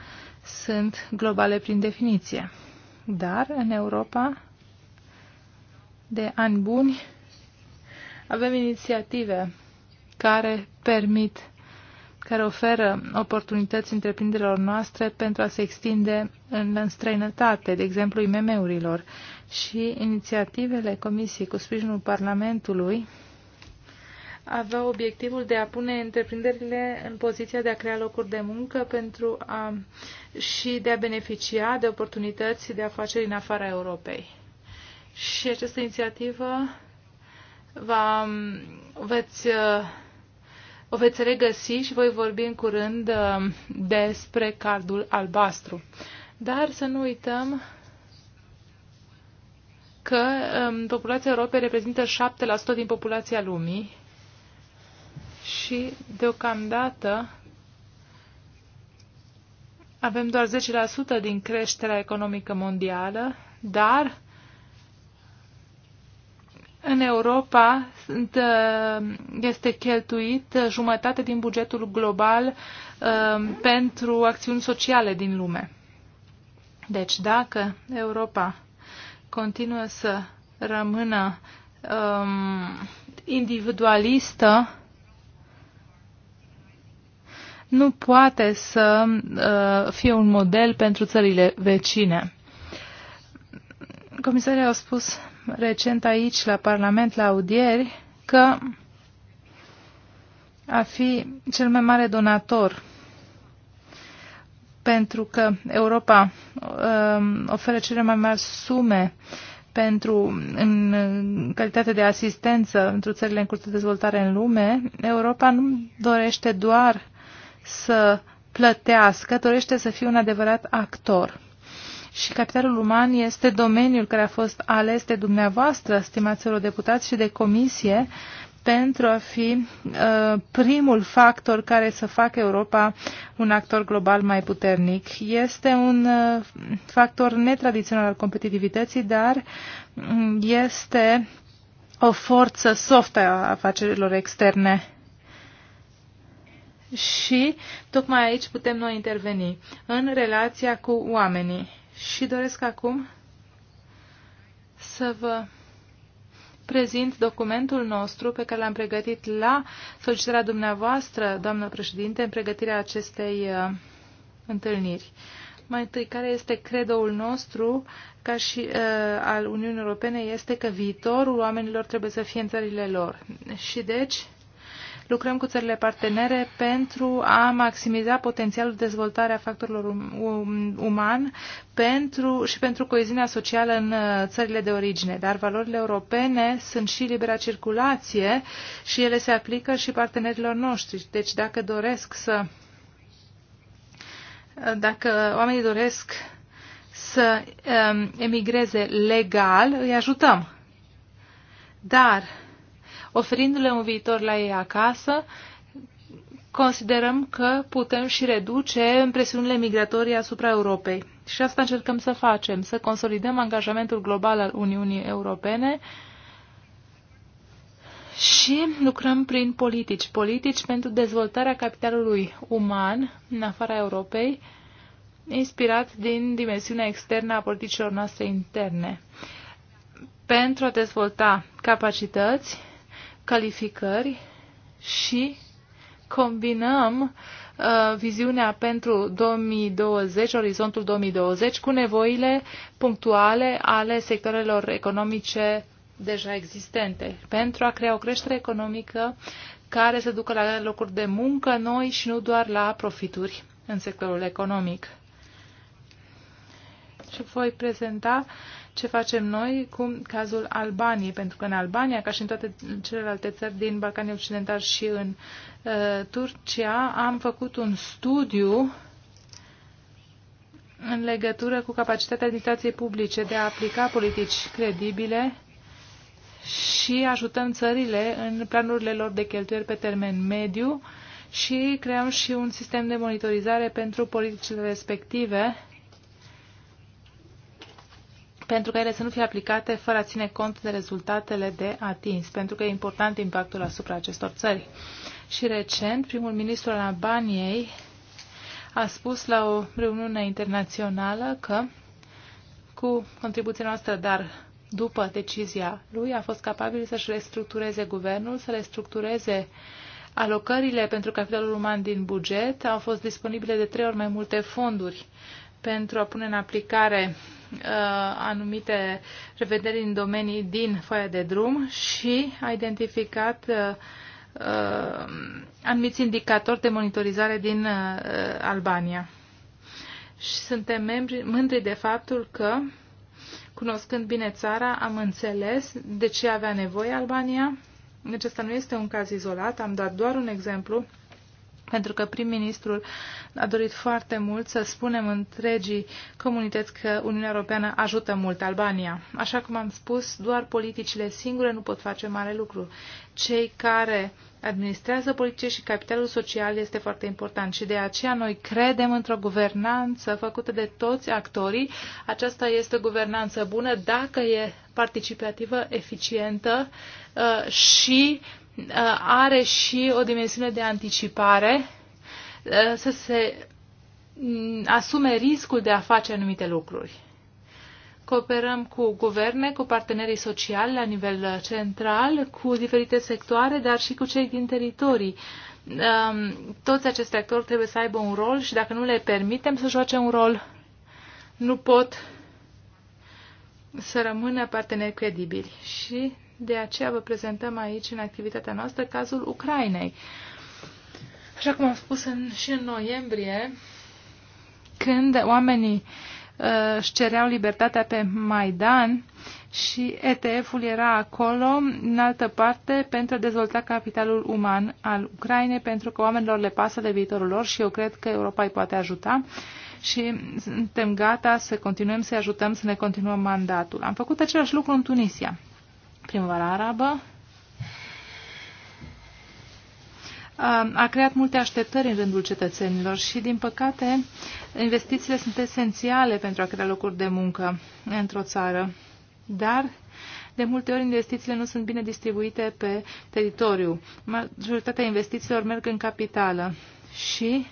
sunt globale prin definiție. Dar în Europa, de ani buni, avem inițiative care permit, care oferă oportunități întreprinderilor noastre pentru a se extinde în, în străinătate, de exemplu IMM-urilor. Și inițiativele Comisiei cu sprijinul Parlamentului avea obiectivul de a pune întreprinderile în poziția de a crea locuri de muncă pentru a, și de a beneficia de oportunități de afaceri în afara Europei. Și această inițiativă va, veți, o veți regăsi și voi vorbi în curând uh, despre cardul albastru. Dar să nu uităm că um, populația Europei reprezintă 7% din populația lumii și deocamdată avem doar 10% din creșterea economică mondială, dar în Europa uh, este cheltuit jumătate din bugetul global uh, pentru acțiuni sociale din lume. Deci dacă Europa continuă să rămână um, individualistă, nu poate să uh, fie un model pentru țările vecine. Comisarii au spus recent aici, la Parlament, la audieri, că a fi cel mai mare donator pentru că Europa uh, oferă cele mai mari sume pentru, în calitate de asistență pentru țările în curs de dezvoltare în lume, Europa nu dorește doar să plătească, dorește să fie un adevărat actor. Și capitalul uman este domeniul care a fost ales de dumneavoastră, stimați deputați și de comisie, pentru a fi uh, primul factor care să facă Europa un actor global mai puternic. Este un uh, factor netradițional al competitivității, dar um, este o forță softă a afacerilor externe și tocmai aici putem noi interveni, în relația cu oamenii. Și doresc acum să vă prezint documentul nostru pe care l-am pregătit la solicitarea dumneavoastră, doamnă președinte, în pregătirea acestei uh, întâlniri. Mai întâi, care este credoul nostru ca și uh, al Uniunii Europene este că viitorul oamenilor trebuie să fie în țările lor. Și deci, Lucrăm cu țările partenere pentru a maximiza potențialul dezvoltare a factorilor um, um, uman pentru, și pentru coeziunea socială în uh, țările de origine. Dar valorile europene sunt și libera circulație și ele se aplică și partenerilor noștri. Deci dacă doresc să uh, dacă oamenii doresc să um, emigreze legal, îi ajutăm. Dar oferindu-le un viitor la ei acasă, considerăm că putem și reduce presiunile migratorii asupra Europei. Și asta încercăm să facem, să consolidăm angajamentul global al Uniunii Europene și lucrăm prin politici. Politici pentru dezvoltarea capitalului uman în afara Europei, inspirat din dimensiunea externă a politicilor noastre interne. Pentru a dezvolta capacități calificări și combinăm uh, viziunea pentru 2020, orizontul 2020, cu nevoile punctuale ale sectoarelor economice deja existente, pentru a crea o creștere economică care să ducă la locuri de muncă noi și nu doar la profituri în sectorul economic și voi prezenta ce facem noi cu cazul Albaniei, pentru că în Albania, ca și în toate celelalte țări din Balcanii Occidental și în uh, Turcia, am făcut un studiu în legătură cu capacitatea administrației publice de a aplica politici credibile și ajutăm țările în planurile lor de cheltuieli pe termen mediu și creăm și un sistem de monitorizare pentru politicile respective pentru ca ele să nu fie aplicate fără a ține cont de rezultatele de atins, pentru că e important impactul asupra acestor țări. Și recent, primul ministru al Albaniei a spus la o reuniune internațională că, cu contribuția noastră, dar după decizia lui, a fost capabil să-și restructureze guvernul, să restructureze alocările pentru capitalul uman din buget, au fost disponibile de trei ori mai multe fonduri pentru a pune în aplicare uh, anumite revederi în domenii din foaia de drum și a identificat uh, uh, anumiți indicatori de monitorizare din Albania. Și suntem membri, mândri de faptul că, cunoscând bine țara, am înțeles de ce avea nevoie Albania. Deci asta nu este un caz izolat, am dat doar un exemplu pentru că prim-ministrul a dorit foarte mult să spunem întregii comunități că Uniunea Europeană ajută mult Albania. Așa cum am spus, doar politicile singure nu pot face mare lucru. Cei care administrează politice și capitalul social este foarte important și de aceea noi credem într-o guvernanță făcută de toți actorii. Aceasta este o guvernanță bună dacă e participativă, eficientă uh, și Uh, are și o dimensiune de anticipare, uh, să se mm, asume riscul de a face anumite lucruri. Cooperăm cu guverne, cu partenerii sociali la nivel central, cu diferite sectoare, dar și cu cei din teritorii. Um, toți acești actori trebuie să aibă un rol și dacă nu le permitem să joace un rol, nu pot să rămână parteneri credibili. Și de aceea vă prezentăm aici, în activitatea noastră, cazul Ucrainei. Așa cum am spus în, și în noiembrie, când oamenii uh, își cereau libertatea pe Maidan și ETF-ul era acolo, în altă parte, pentru a dezvolta capitalul uman al Ucrainei, pentru că oamenilor le pasă de viitorul lor și eu cred că Europa îi poate ajuta și suntem gata să continuăm să ajutăm să ne continuăm mandatul. Am făcut același lucru în Tunisia primăvara arabă, a creat multe așteptări în rândul cetățenilor și, din păcate, investițiile sunt esențiale pentru a crea locuri de muncă într-o țară. Dar, de multe ori, investițiile nu sunt bine distribuite pe teritoriu. Majoritatea investițiilor merg în capitală și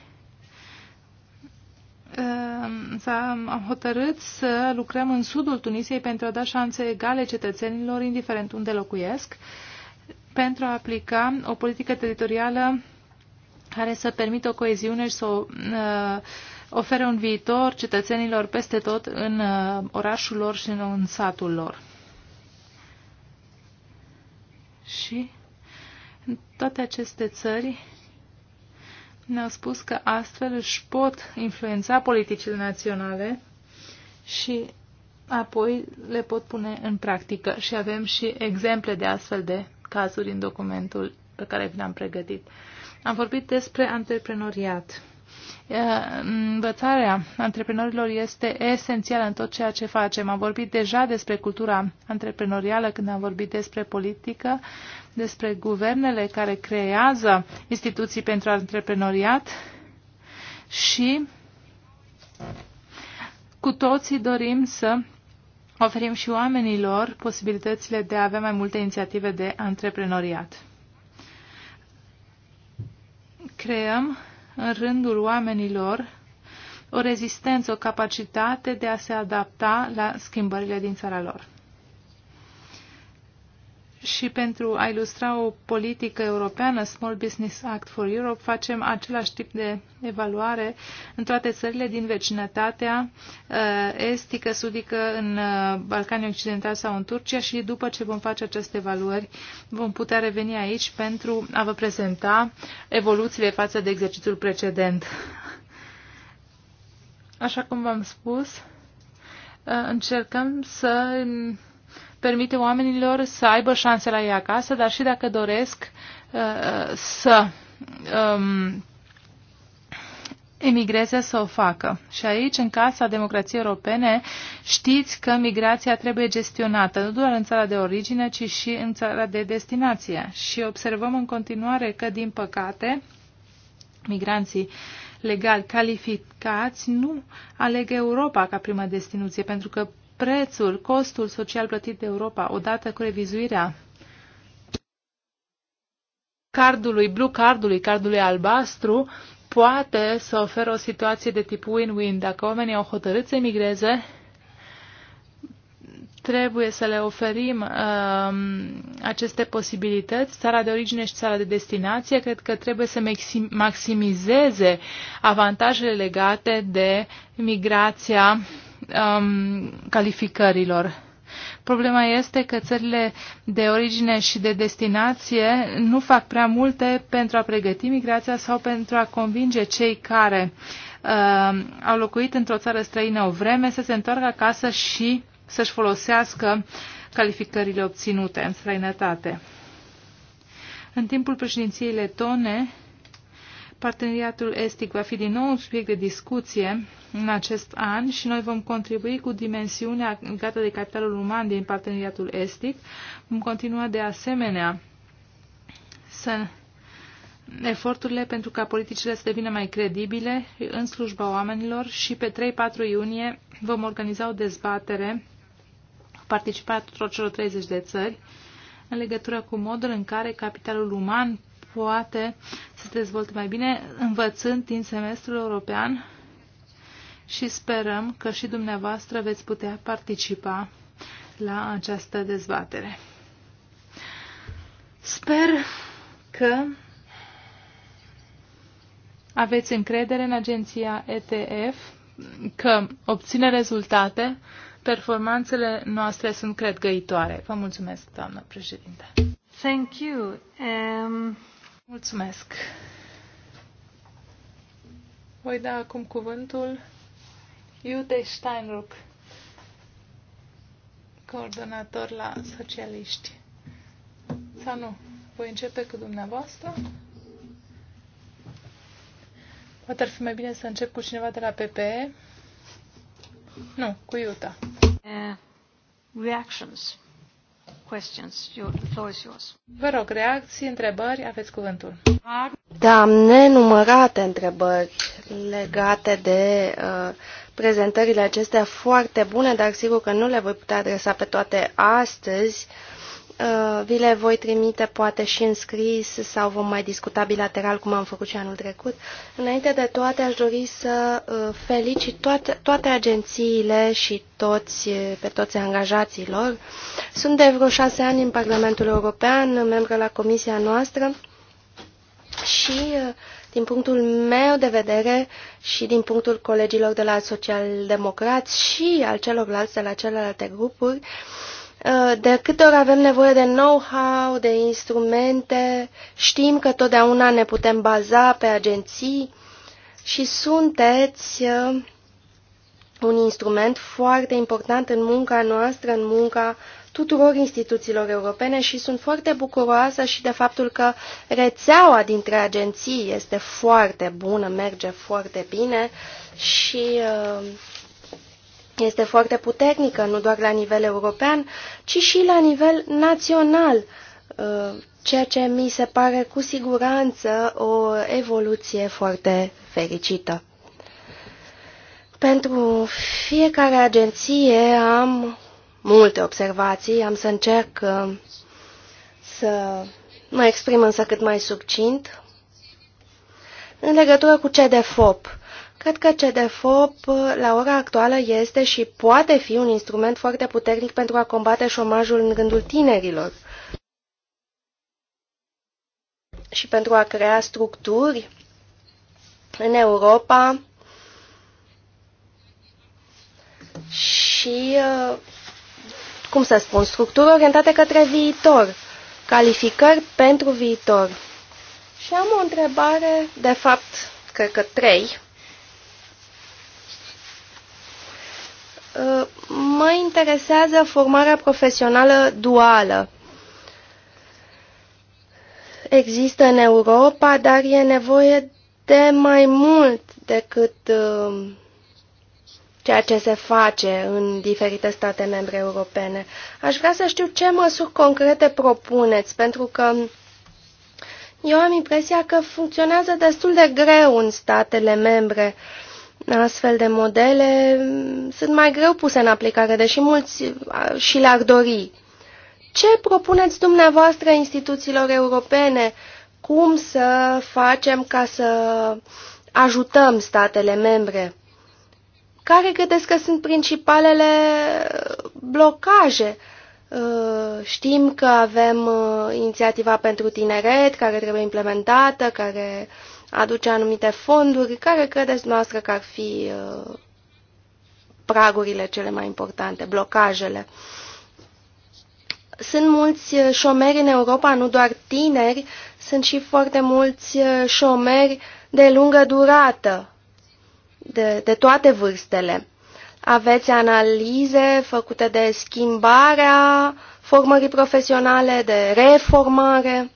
Ehm, am hotărât să lucrăm în sudul Tunisiei pentru a da șanse egale cetățenilor, indiferent unde locuiesc, pentru a aplica o politică teritorială care să permită o coeziune și să o, uh, eh, ofere un viitor cetățenilor peste tot în uh, orașul lor și în, în satul lor. Și în toate aceste țări ne-au spus că astfel își pot influența politicile naționale și apoi le pot pune în practică. Și avem și exemple de astfel de cazuri în documentul pe care vi l-am pregătit. Am vorbit despre antreprenoriat. Eh, învățarea antreprenorilor este esențială în tot ceea ce facem. Am vorbit deja despre cultura antreprenorială când am vorbit despre politică, despre guvernele care creează instituții pentru antreprenoriat și cu toții dorim să oferim și oamenilor posibilitățile de a avea mai multe inițiative de antreprenoriat. Creăm în rândul oamenilor o rezistență, o capacitate de a se adapta la schimbările din țara lor și pentru a ilustra o politică europeană, Small Business Act for Europe, facem același tip de evaluare în toate țările din vecinătatea uh, estică, sudică, în uh, Balcanii Occidentali sau în Turcia și după ce vom face aceste evaluări vom putea reveni aici pentru a vă prezenta evoluțiile față de exercițiul precedent. Așa cum v-am spus, uh, încercăm să permite oamenilor să aibă șanse la ei acasă, dar și dacă doresc uh, uh, să um, emigreze să o facă. Și aici, în Casa Democrației Europene, știți că migrația trebuie gestionată, nu doar în țara de origine, ci și în țara de destinație. Și observăm în continuare că, din păcate, migranții legal calificați nu aleg Europa ca prima destinație, pentru că prețul, costul social plătit de Europa odată cu revizuirea cardului, blue cardului, cardului albastru, poate să oferă o situație de tip win-win. Dacă oamenii au hotărât să emigreze, trebuie să le oferim uh, aceste posibilități, țara de origine și țara de destinație, cred că trebuie să maximizeze avantajele legate de migrația um, calificărilor. Problema este că țările de origine și de destinație nu fac prea multe pentru a pregăti migrația sau pentru a convinge cei care uh, au locuit într-o țară străină o vreme să se întoarcă acasă și să-și folosească calificările obținute în străinătate. În timpul președinției letone, Parteneriatul estic va fi din nou un subiect de discuție în acest an și noi vom contribui cu dimensiunea legată de capitalul uman din parteneriatul estic. Vom continua de asemenea să eforturile pentru ca politicile să devină mai credibile în slujba oamenilor și pe 3-4 iunie vom organiza o dezbatere participat tuturor celor 30 de țări în legătură cu modul în care capitalul uman poate să se dezvolte mai bine învățând din semestrul european și sperăm că și dumneavoastră veți putea participa la această dezbatere. Sper că aveți încredere în agenția ETF, că obține rezultate, performanțele noastre sunt cred găitoare. Vă mulțumesc, doamnă președinte. Thank you. Um... Mulțumesc. Voi da acum cuvântul Iute Steinruck, coordonator la socialiști. Sau nu? Voi începe cu dumneavoastră? Poate ar fi mai bine să încep cu cineva de la PPE. Nu, cu Iuta. Uh, reactions questions. Your, the floor is yours. Vă rog, reacții, întrebări, aveți cuvântul. Da, am nenumărate întrebări legate de uh, prezentările acestea foarte bune, dar sigur că nu le voi putea adresa pe toate astăzi. Uh, Uh, vi le voi trimite poate și în scris sau vom mai discuta bilateral cum am făcut și anul trecut. Înainte de toate aș dori să uh, felicit toate, toate agențiile și toți, uh, pe toți angajații lor. Sunt de vreo șase ani în Parlamentul European, membră la comisia noastră și din punctul meu de vedere și din punctul colegilor de la Social Democrați și al celorlalți de la celelalte grupuri, uh, Uh, de câte ori avem nevoie de know-how, de instrumente, știm că totdeauna ne putem baza pe agenții și sunteți uh, un instrument foarte important în munca noastră, în munca tuturor instituțiilor europene și sunt foarte bucuroasă și de faptul că rețeaua dintre agenții este foarte bună, merge foarte bine și uh, este foarte puternică, nu doar la nivel european, ci și la nivel național, uh, ceea ce mi se pare cu siguranță o evoluție foarte fericită. Pentru fiecare agenție am multe observații, am să încerc uh, să mă exprim însă cât mai succint. În legătură cu CDFOP, Cred că CDFOP uh, la ora actuală este și poate fi un instrument foarte puternic pentru a combate șomajul în rândul tinerilor și pentru a crea structuri în Europa și, uh, cum să spun, structuri orientate către viitor, calificări pentru viitor. Și am o întrebare, de fapt, cred că trei, mă interesează formarea profesională duală. Există în Europa, dar e nevoie de mai mult decât uh, ceea ce se face în diferite state membre europene. Aș vrea să știu ce măsuri concrete propuneți, pentru că eu am impresia că funcționează destul de greu în statele membre uh, Astfel de modele sunt mai greu puse în aplicare, deși mulți și le-ar dori. Ce propuneți dumneavoastră instituțiilor europene? Cum să facem ca să ajutăm statele membre? Care credeți că sunt principalele blocaje? Uh, știm că avem uh, inițiativa pentru tineret care trebuie implementată, care uh, aduce anumite fonduri, care credeți noastră că ar fi uh, pragurile cele mai importante, blocajele? Sunt mulți uh, șomeri în Europa, nu doar tineri, sunt și foarte mulți uh, șomeri de lungă durată, de, de toate vârstele. Aveți analize făcute de schimbarea formării profesionale, de reformare?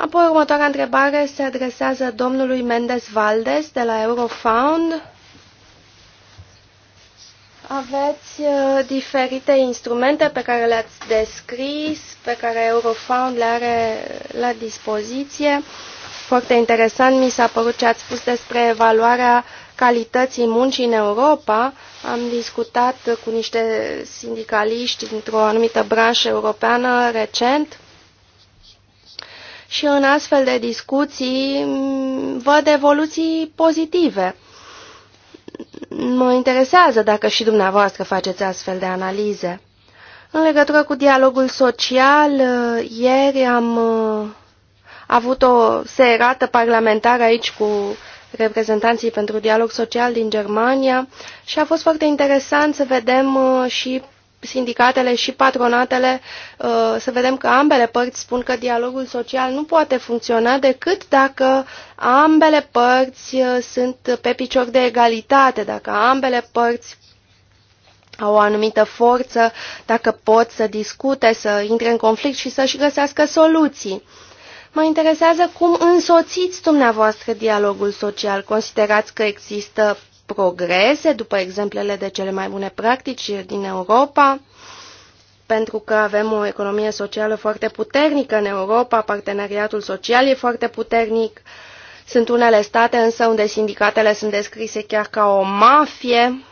Apoi, următoarea întrebare se adresează domnului Mendes Valdes de la Eurofound. Aveți uh, diferite instrumente pe care le-ați descris, pe care Eurofound le are la dispoziție. Foarte interesant mi s-a părut ce ați spus despre evaluarea calității muncii în Europa. Am discutat cu niște sindicaliști dintr-o anumită branșă europeană recent și în astfel de discuții văd evoluții pozitive. Mă interesează dacă și dumneavoastră faceți astfel de analize. În legătură cu dialogul social, uh, ieri am uh, avut o serată parlamentară aici cu reprezentanții pentru dialog social din Germania și a fost foarte interesant să vedem uh, și sindicatele și patronatele, uh, să vedem că ambele părți spun că dialogul social nu poate funcționa decât dacă ambele părți uh, sunt pe picior de egalitate, dacă ambele părți au o anumită forță, dacă pot să discute, să intre în conflict și să-și găsească soluții. Mă interesează cum însoțiți dumneavoastră dialogul social. Considerați că există progrese, după exemplele de cele mai bune practici din Europa, pentru că avem o economie socială foarte puternică în Europa, parteneriatul social e foarte puternic, sunt unele state însă unde sindicatele sunt descrise chiar ca o mafie,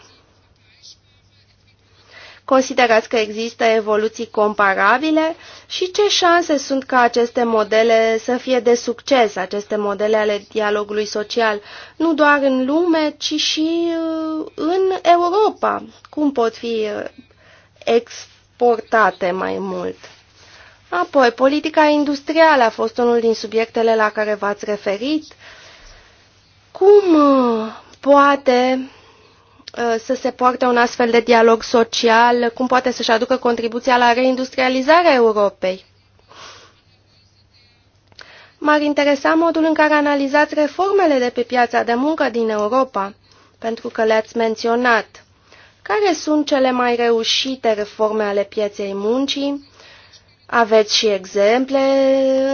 Considerați că există evoluții comparabile și ce șanse sunt ca aceste modele să fie de succes, aceste modele ale dialogului social, nu doar în lume, ci și uh, în Europa? Cum pot fi uh, exportate mai mult? Apoi, politica industrială a fost unul din subiectele la care v-ați referit. Cum uh, poate Uh, să se poarte un astfel de dialog social, cum poate să-și aducă contribuția la reindustrializarea Europei. M-ar interesa modul în care analizați reformele de pe piața de muncă din Europa, pentru că le-ați menționat. Care sunt cele mai reușite reforme ale pieței muncii? Aveți și exemple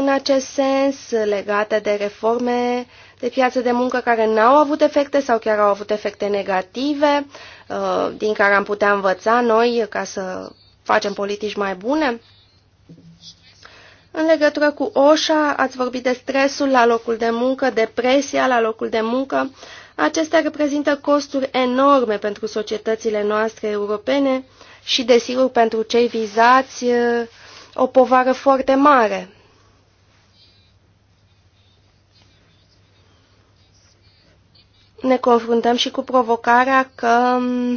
în acest sens legate de reforme de piață de muncă care n-au avut efecte sau chiar au avut efecte negative, uh, din care am putea învăța noi ca să facem politici mai bune? În legătură cu OSHA, ați vorbit de stresul la locul de muncă, depresia la locul de muncă. Acestea reprezintă costuri enorme pentru societățile noastre europene și, desigur, pentru cei vizați, uh, o povară foarte mare. ne confruntăm și cu provocarea că mm,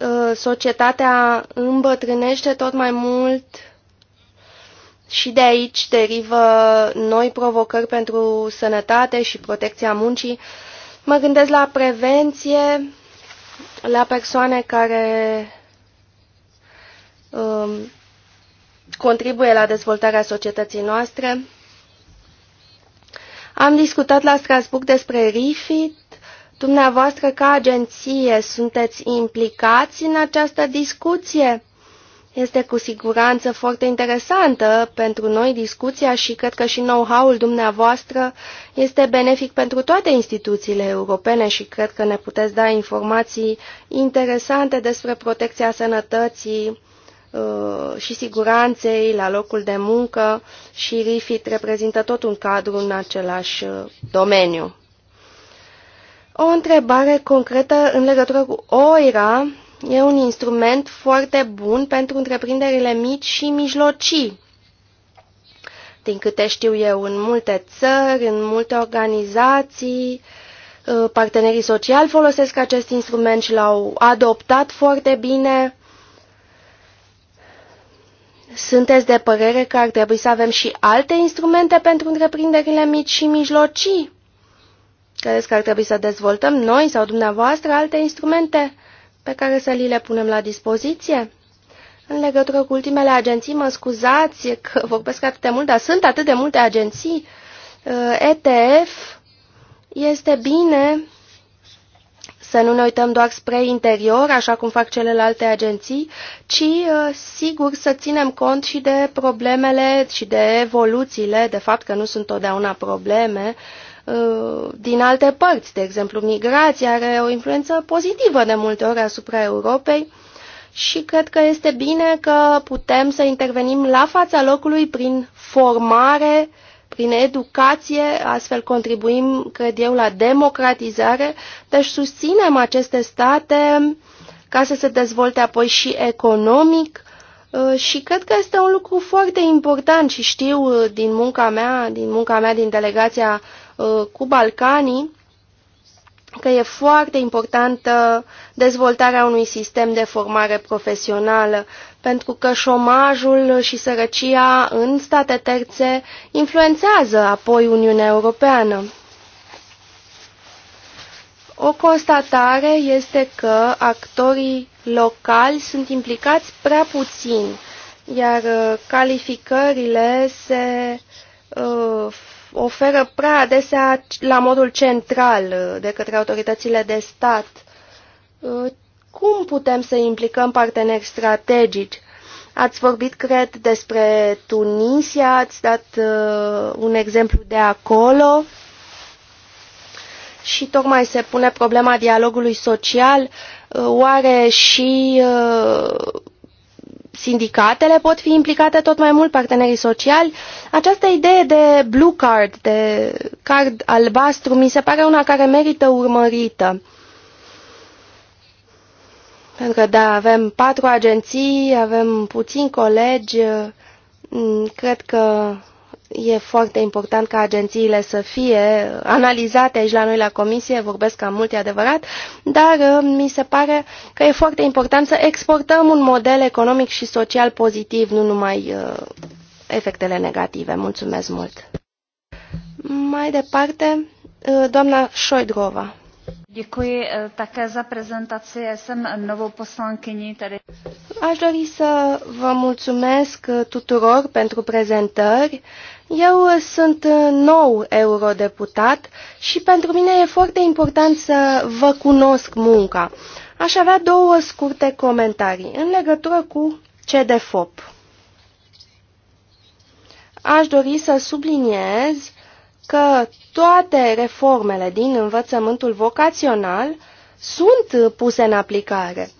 uh, societatea îmbătrânește tot mai mult și de aici derivă noi provocări pentru sănătate și protecția muncii. Mă gândesc la prevenție, la persoane care um, contribuie la dezvoltarea societății noastre. Am discutat la Strasbourg despre RIFID. Dumneavoastră, ca agenție, sunteți implicați în această discuție? Este cu siguranță foarte interesantă pentru noi discuția și cred că și know-how-ul dumneavoastră este benefic pentru toate instituțiile europene și cred că ne puteți da informații interesante despre protecția sănătății Uh, și siguranței la locul de muncă și RIFIT reprezintă tot un cadru în același uh, domeniu. O întrebare concretă în legătură cu OIRA e un instrument foarte bun pentru întreprinderile mici și mijlocii. Din câte știu eu, în multe țări, în multe organizații, uh, partenerii sociali folosesc acest instrument și l-au adoptat foarte bine sunteți de părere că ar trebui să avem și alte instrumente pentru întreprinderile mici și mijlocii? Credeți că ar trebui să dezvoltăm noi sau dumneavoastră alte instrumente pe care să li le punem la dispoziție? În legătură cu ultimele agenții, mă scuzați că vorbesc atât de mult, dar sunt atât de multe agenții. Uh, ETF este bine să nu ne uităm doar spre interior, așa cum fac celelalte agenții, ci, uh, sigur, să ținem cont și de problemele și de evoluțiile, de fapt că nu sunt totdeauna probleme, uh, din alte părți. De exemplu, migrația are o influență pozitivă de multe ori asupra Europei și cred că este bine că putem să intervenim la fața locului prin formare, prin educație, astfel contribuim, cred eu, la democratizare, deci susținem aceste state ca să se dezvolte apoi și economic uh, și cred că este un lucru foarte important și știu uh, din munca mea, din munca mea din delegația uh, cu Balcanii, că e foarte importantă dezvoltarea unui sistem de formare profesională, pentru că șomajul și sărăcia în state terțe influențează apoi Uniunea Europeană. O constatare este că actorii locali sunt implicați prea puțin, iar calificările se uh, oferă prea adesea la modul central uh, de către autoritățile de stat. Uh, cum putem să implicăm parteneri strategici? Ați vorbit, cred, despre Tunisia, ați dat uh, un exemplu de acolo și tocmai se pune problema dialogului social. Uh, oare și uh, sindicatele pot fi implicate tot mai mult, partenerii sociali. Această idee de blue card, de card albastru, mi se pare una care merită urmărită. Pentru că, da, avem patru agenții, avem puțini colegi, mm, cred că E foarte important ca agențiile să fie analizate aici la noi la comisie, vorbesc cam mult, e adevărat, dar uh, mi se pare că e foarte important să exportăm un model economic și social pozitiv, nu numai uh, efectele negative. Mulțumesc mult! Mai departe, uh, doamna Șoidrova. Děkuji také za prezentaci. Jsem novou poslankyní tady. Aș dori să vă mulțumesc tuturor pentru prezentări. Eu uh, sunt uh, nou eurodeputat și pentru mine e foarte important să vă cunosc munca. Aș avea două scurte comentarii în legătură cu CDFOP. Aș dori să subliniez că toate reformele din învățământul vocațional sunt puse în aplicare.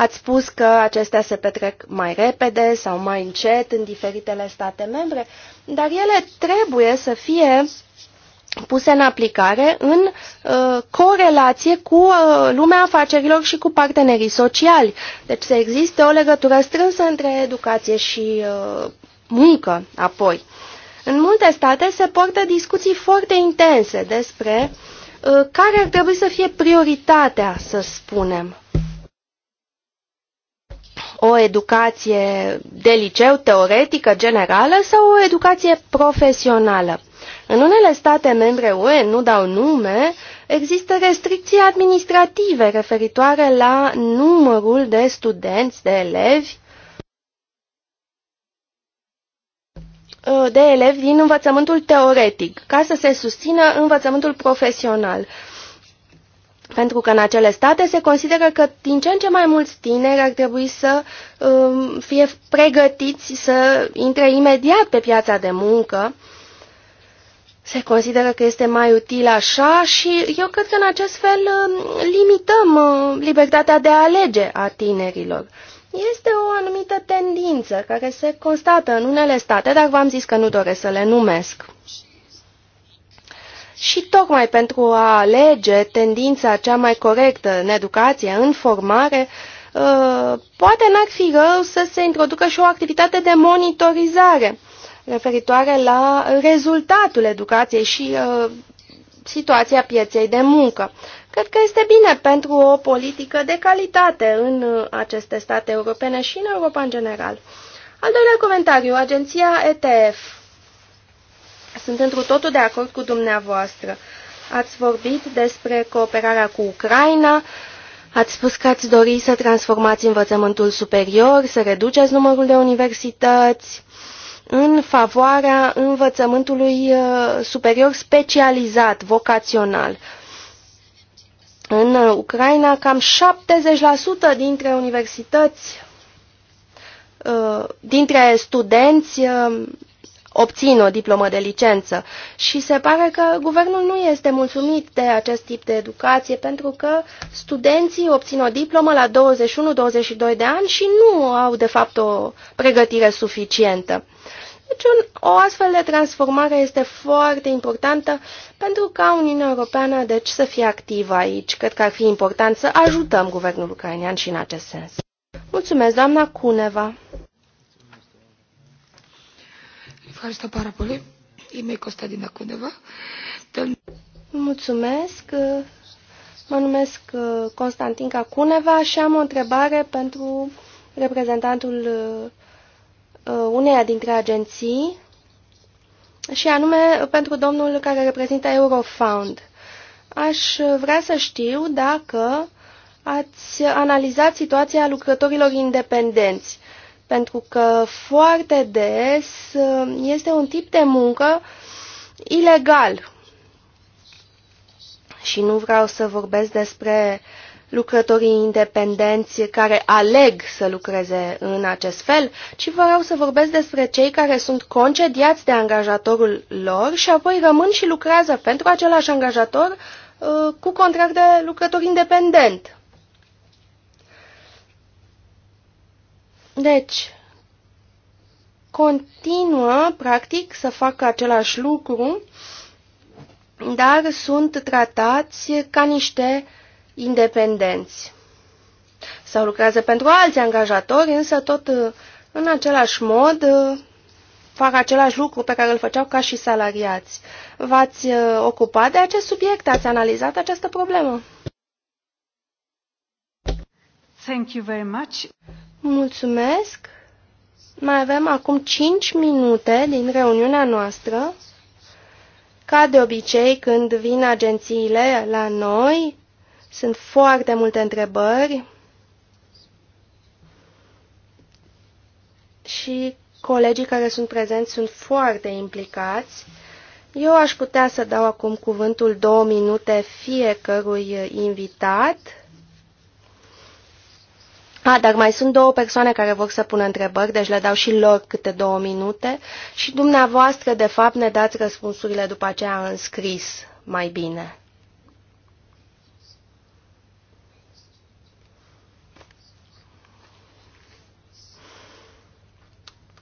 Ați spus că acestea se petrec mai repede sau mai încet în diferitele state membre, dar ele trebuie să fie puse în aplicare în uh, corelație cu uh, lumea afacerilor și cu partenerii sociali. Deci să existe o legătură strânsă între educație și uh, muncă apoi. În multe state se poartă discuții foarte intense despre uh, care ar trebui să fie prioritatea, să spunem o educație de liceu teoretică generală sau o educație profesională. În unele state membre UE, nu dau nume, există restricții administrative referitoare la numărul de studenți, de elevi, de elevi din învățământul teoretic, ca să se susțină învățământul profesional. Pentru că în acele state se consideră că din ce în ce mai mulți tineri ar trebui să um, fie pregătiți să intre imediat pe piața de muncă. Se consideră că este mai util așa și eu cred că în acest fel um, limităm uh, libertatea de a alege a tinerilor. Este o anumită tendință care se constată în unele state, dar v-am zis că nu doresc să le numesc și tocmai pentru a alege tendința cea mai corectă în educație, în formare, ă, poate n-ar fi rău să se introducă și o activitate de monitorizare referitoare la rezultatul educației și ă, situația pieței de muncă. Cred că este bine pentru o politică de calitate în aceste state europene și în Europa în general. Al doilea comentariu, agenția ETF. Sunt întru totul de acord cu dumneavoastră. Ați vorbit despre cooperarea cu Ucraina, ați spus că ați dori să transformați învățământul superior, să reduceți numărul de universități în favoarea învățământului uh, superior specializat, vocațional. În Ucraina, cam 70% dintre universități, uh, dintre studenți uh, obțin o diplomă de licență. Și se pare că guvernul nu este mulțumit de acest tip de educație pentru că studenții obțin o diplomă la 21-22 de ani și nu au de fapt o pregătire suficientă. Deci un, o astfel de transformare este foarte importantă pentru ca Uniunea Europeană deci, să fie activă aici. Cred că ar fi important să ajutăm guvernul ucrainean și în acest sens. Mulțumesc, doamna Cuneva. Da Mulțumesc. Mă numesc uh, Constantin Cacuneva și am o întrebare pentru reprezentantul uh, uh, uneia dintre agenții și anume pentru domnul care reprezintă Eurofound. Aș vrea să știu dacă ați analizat situația lucrătorilor independenți pentru că foarte des uh, este un tip de muncă ilegal. Și nu vreau să vorbesc despre lucrătorii independenți care aleg să lucreze în acest fel, ci vreau să vorbesc despre cei care sunt concediați de angajatorul lor și apoi rămân și lucrează pentru același angajator uh, cu contract de lucrător independent. Deci, continuă, practic, să facă același lucru, dar sunt tratați ca niște independenți. Sau lucrează pentru alți angajatori, însă tot uh, în același mod uh, fac același lucru pe care îl făceau ca și salariați. V-ați uh, ocupat de acest subiect? Ați analizat această problemă? Thank you very much. Mulțumesc. Mai avem acum 5 minute din reuniunea noastră. Ca de obicei, când vin agențiile la noi, sunt foarte multe întrebări și colegii care sunt prezenți sunt foarte implicați. Eu aș putea să dau acum cuvântul două minute fiecărui invitat a, ah, dar mai sunt două persoane care vor să pună întrebări, deci le dau și lor câte două minute și dumneavoastră, de fapt, ne dați răspunsurile după aceea în scris mai bine.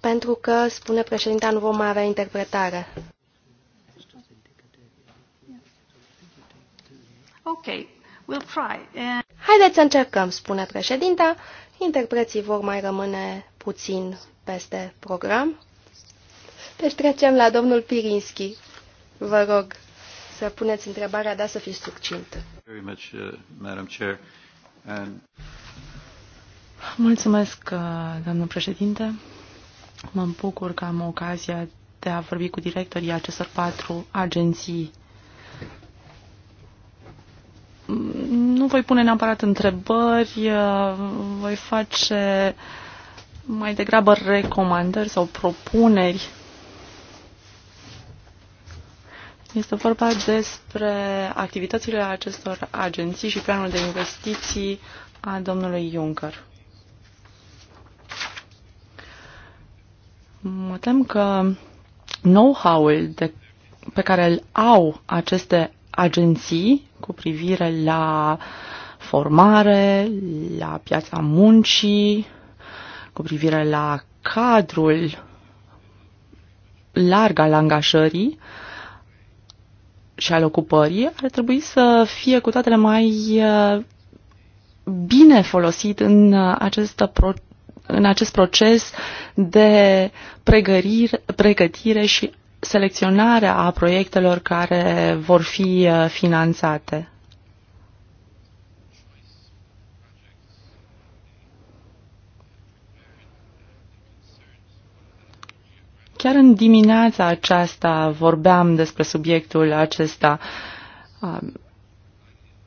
Pentru că, spune președinta, nu vom mai avea interpretare. Okay. We'll try. Haideți să încercăm, spune președinta. Interpreții vor mai rămâne puțin peste program. Deci trecem la domnul Pirinski. Vă rog să puneți întrebarea, dar să fiți succint. Uh, Mulțumesc, uh, domnul președinte. Mă bucur că am ocazia de a vorbi cu directorii acestor patru agenții nu voi pune neapărat întrebări, uh, voi face mai degrabă recomandări sau propuneri. Este vorba despre activitățile acestor agenții și planul de investiții a domnului Juncker. Mă tem că know-how-ul de, pe care îl au aceste agenții cu privire la formare, la piața muncii, cu privire la cadrul larg al angajării și al ocupării ar trebui să fie cu toate mai uh, bine folosit în uh, acest, pro, în acest proces de pregărire pregătire și selecționarea a proiectelor care vor fi uh, finanțate. Chiar în dimineața aceasta vorbeam despre subiectul acesta. Uh,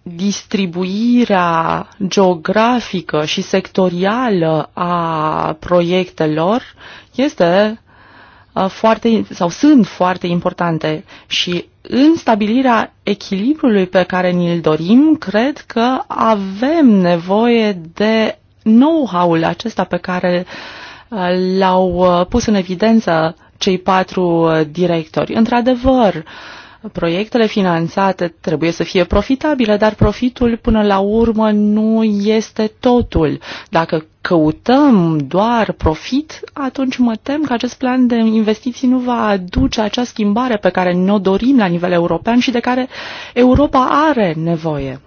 distribuirea geografică și sectorială a proiectelor este Uh, foarte, sau sunt foarte importante și în stabilirea echilibrului pe care ni-l dorim, cred că avem nevoie de know-how-ul acesta pe care uh, l-au uh, pus în evidență cei patru directori. Într-adevăr, uh, Proiectele finanțate trebuie să fie profitabile, dar profitul până la urmă nu este totul. Dacă căutăm doar profit, atunci mă tem că acest plan de investiții nu va aduce acea schimbare pe care ne-o dorim la nivel european și de care Europa are nevoie.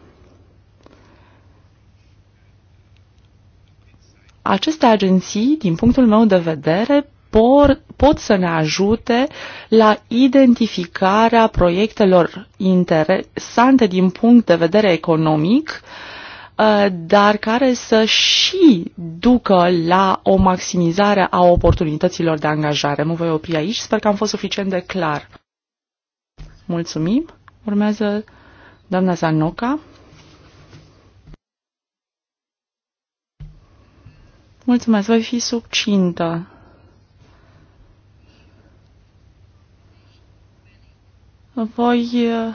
Aceste agenții, din punctul meu de vedere, por, pot să ne ajute la identificarea proiectelor interesante din punct de vedere economic, uh, dar care să și ducă la o maximizare a oportunităților de angajare. Mă voi opri aici, sper că am fost suficient de clar. Mulțumim. Urmează doamna Zanoca. Mulțumesc, voi fi subcintă. voi uh,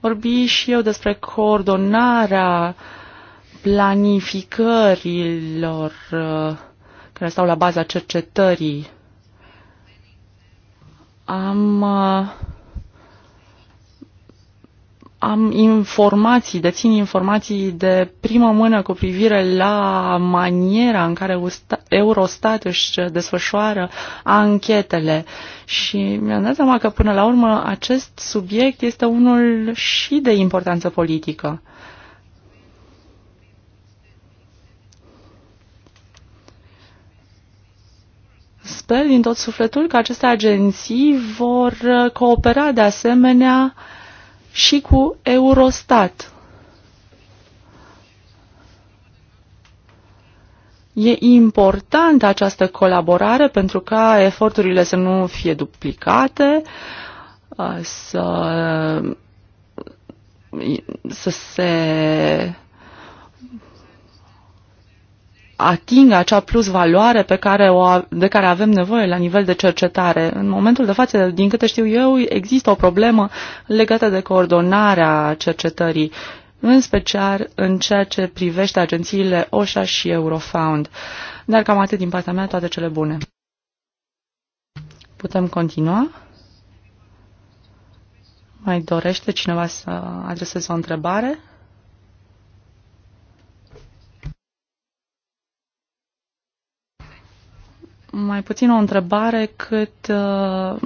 vorbi și eu despre coordonarea planificărilor uh, care stau la baza cercetării. Am uh, am informații, dețin informații de primă mână cu privire la maniera în care Eurostat își desfășoară anchetele și mi-am dat seama că până la urmă acest subiect este unul și de importanță politică. Sper din tot sufletul că aceste agenții vor coopera de asemenea uh, și cu Eurostat. E importantă această colaborare pentru ca eforturile să nu fie duplicate, uh, să, să se atingă acea plus valoare pe care o, de care avem nevoie la nivel de cercetare. În momentul de față, din câte știu eu, există o problemă legată de coordonarea cercetării, în special în ceea ce privește agențiile OSHA și Eurofound. Dar cam atât din partea mea, toate cele bune. Putem continua? Mai dorește cineva să adreseze o întrebare? mai puțin o întrebare cât uh,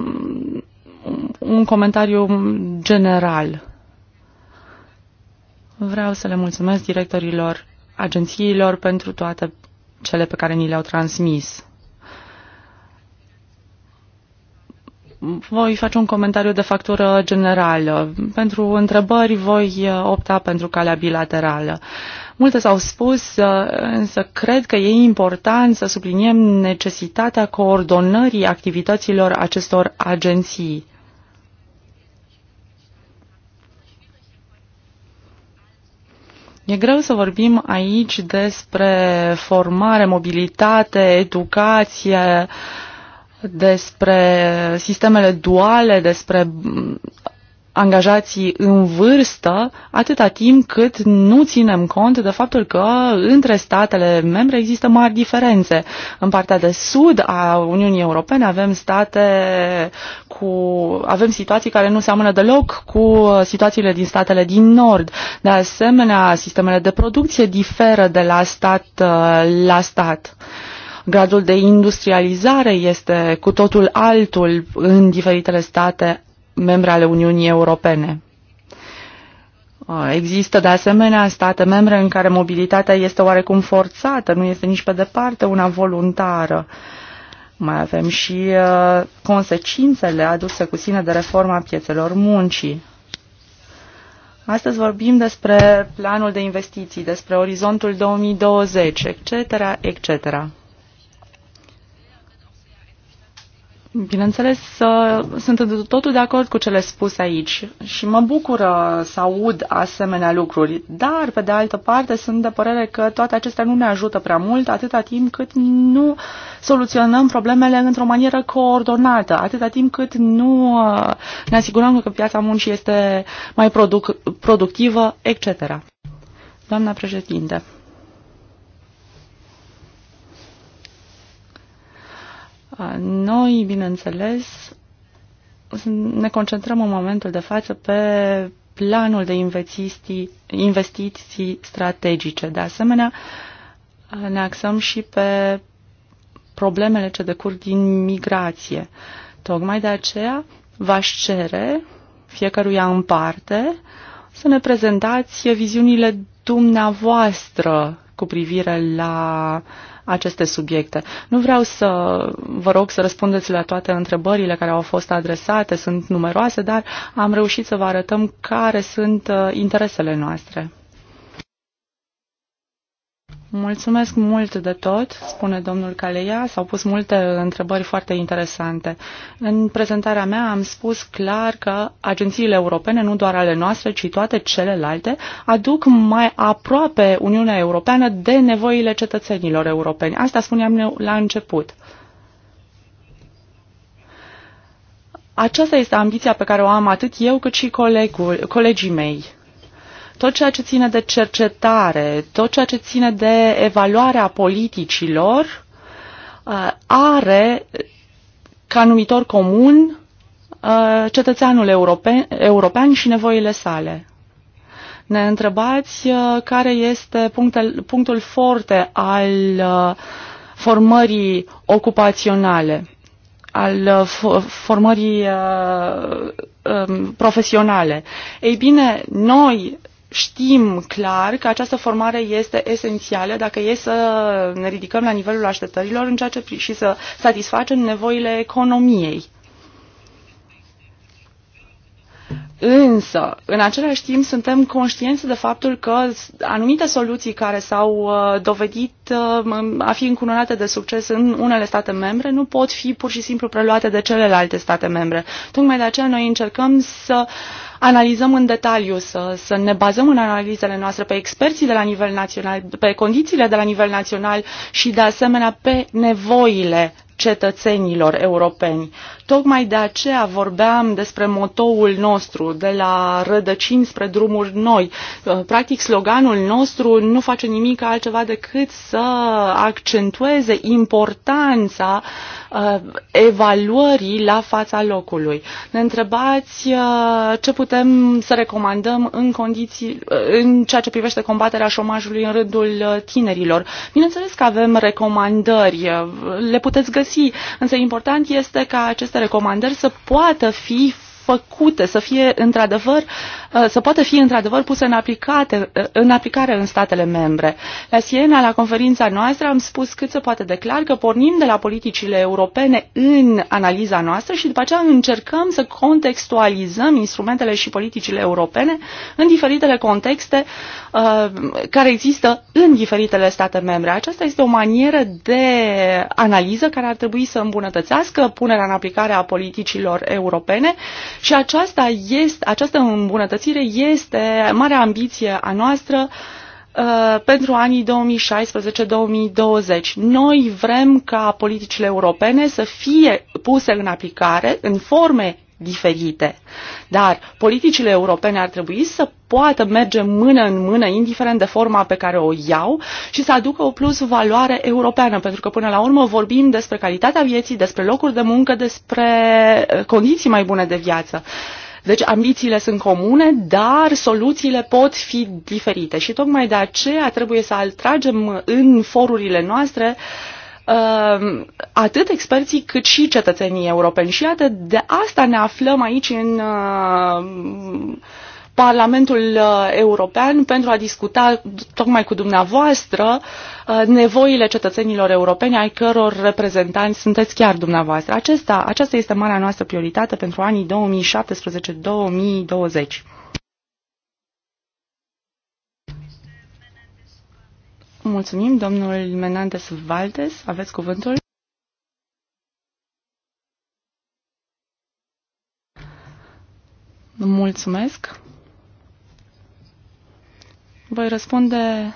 un comentariu general. Vreau să le mulțumesc directorilor agențiilor pentru toate cele pe care ni le-au transmis. Voi face un comentariu de factură generală. Pentru întrebări voi opta pentru calea bilaterală. Uh, Multe s-au spus, uh, însă cred că e important să subliniem necesitatea coordonării activităților acestor agenții. E greu să vorbim aici despre formare, mobilitate, educație, despre sistemele duale, despre angajații în vârstă atâta timp cât nu ținem cont de faptul că între statele membre există mari diferențe. În partea de sud a Uniunii Europene avem state cu avem situații care nu seamănă deloc cu situațiile din statele din nord. De asemenea, sistemele de producție diferă de la stat uh, la stat gradul de industrializare este cu totul altul în diferitele state membre ale Uniunii Europene. Uh, există de asemenea state membre în care mobilitatea este oarecum forțată, nu este nici pe departe una voluntară. Mai avem și uh, consecințele aduse cu sine de reforma piețelor muncii. Astăzi vorbim despre planul de investiții, despre orizontul 2020, etc., etc. Bineînțeles, sunt totul de acord cu cele spuse aici și mă bucură să aud asemenea lucruri, dar, pe de altă parte, sunt de părere că toate acestea nu ne ajută prea mult atâta timp cât nu soluționăm problemele într-o manieră coordonată, atâta timp cât nu uh, ne asigurăm că piața muncii este mai produc- productivă, etc. Doamna președinte, Noi, bineînțeles, ne concentrăm în momentul de față pe planul de investiții, strategice. De asemenea, ne axăm și pe problemele ce decurg din migrație. Tocmai de aceea v-aș cere fiecăruia în parte să ne prezentați viziunile dumneavoastră cu privire la uh, aceste subiecte. Nu vreau să vă rog să răspundeți la toate întrebările care au fost adresate, sunt numeroase, dar am reușit să vă arătăm care sunt uh, interesele noastre. Mulțumesc mult de tot, spune domnul Caleia. S-au pus multe întrebări foarte interesante. În prezentarea mea am spus clar că agențiile europene, nu doar ale noastre, ci toate celelalte, aduc mai aproape Uniunea Europeană de nevoile cetățenilor europeni. Asta spuneam la început. Aceasta este ambiția pe care o am atât eu cât și colegul, colegii mei. Tot ceea ce ține de cercetare, tot ceea ce ține de evaluarea politicilor uh, are ca numitor comun uh, cetățeanul european, european și nevoile sale. Ne întrebați uh, care este punctul, punctul forte al formării ocupaționale, al formării um, profesionale. Ei bine, noi știm clar că această formare este esențială dacă e să ne ridicăm la nivelul așteptărilor în ceea ce, și să satisfacem nevoile economiei. Însă, în același timp, suntem conștienți de faptul că anumite soluții care s-au uh, dovedit uh, a fi încununate de succes în unele state membre nu pot fi pur și simplu preluate de celelalte state membre. Tocmai de aceea noi încercăm să uh, analizăm în detaliu, să, să ne bazăm în analizele noastre pe experții de la nivel național, pe condițiile de la nivel național și de asemenea pe nevoile cetățenilor europeni. Tocmai de aceea vorbeam despre motoul nostru, de la rădăcini spre drumuri noi. Uh, practic, sloganul nostru nu face nimic altceva decât să accentueze importanța uh, evaluării la fața locului. Ne întrebați uh, ce putem să recomandăm în, condiții, uh, în ceea ce privește combaterea șomajului în rândul uh, tinerilor. Bineînțeles că avem recomandări, uh, le puteți găsi găsi. Însă important este ca aceste recomandări să poată fi făcute, să fie într-adevăr, uh, să poată fi într-adevăr puse în, aplicate, uh, în aplicare în statele membre. La Siena, la conferința noastră, am spus cât se poate declar că pornim de la politicile europene în analiza noastră și după aceea încercăm să contextualizăm instrumentele și politicile europene în diferitele contexte uh, care există în diferitele state membre. Aceasta este o manieră de analiză care ar trebui să îmbunătățească punerea în aplicare a politicilor europene și aceasta este, această îmbunătățire este marea ambiție a noastră uh, pentru anii 2016-2020. Noi vrem ca politicile europene să fie puse în aplicare în forme diferite. Dar politicile europene ar trebui să poată merge mână în mână, indiferent de forma pe care o iau, și să aducă o plus valoare europeană, pentru că până la urmă vorbim despre calitatea vieții, despre locuri de muncă, despre eh, condiții mai bune de viață. Deci ambițiile sunt comune, dar soluțiile pot fi diferite și tocmai de aceea trebuie să atragem în forurile noastre uh, Ehm, atât experții cât și cetățenii europeni. Și iată, de asta ne aflăm aici în ehm, Parlamentul eh, European pentru a discuta tocmai cu dumneavoastră eh, nevoile cetățenilor europeni ai căror reprezentanți sunteți chiar dumneavoastră. Acesta, aceasta este marea noastră prioritate pentru anii 2017-2020. Mulțumim, domnul Menandes Valdes, aveți cuvântul. Mulțumesc. Voi răspunde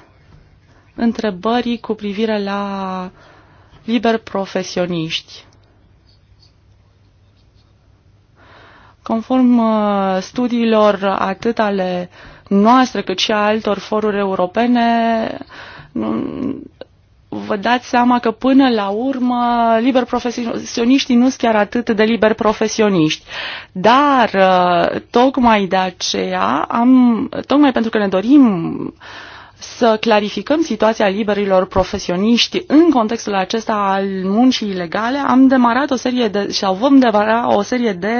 întrebării cu privire la liber profesioniști. Conform uh, studiilor atât ale noastre cât și a altor foruri europene, nu, vă dați seama că până la urmă liber profesioniștii nu sunt chiar atât de liber profesioniști. Dar uh, tocmai de aceea am, tocmai pentru că ne dorim să clarificăm situația liberilor profesioniști în contextul acesta al muncii ilegale, am demarat o serie de, sau vom demara o serie de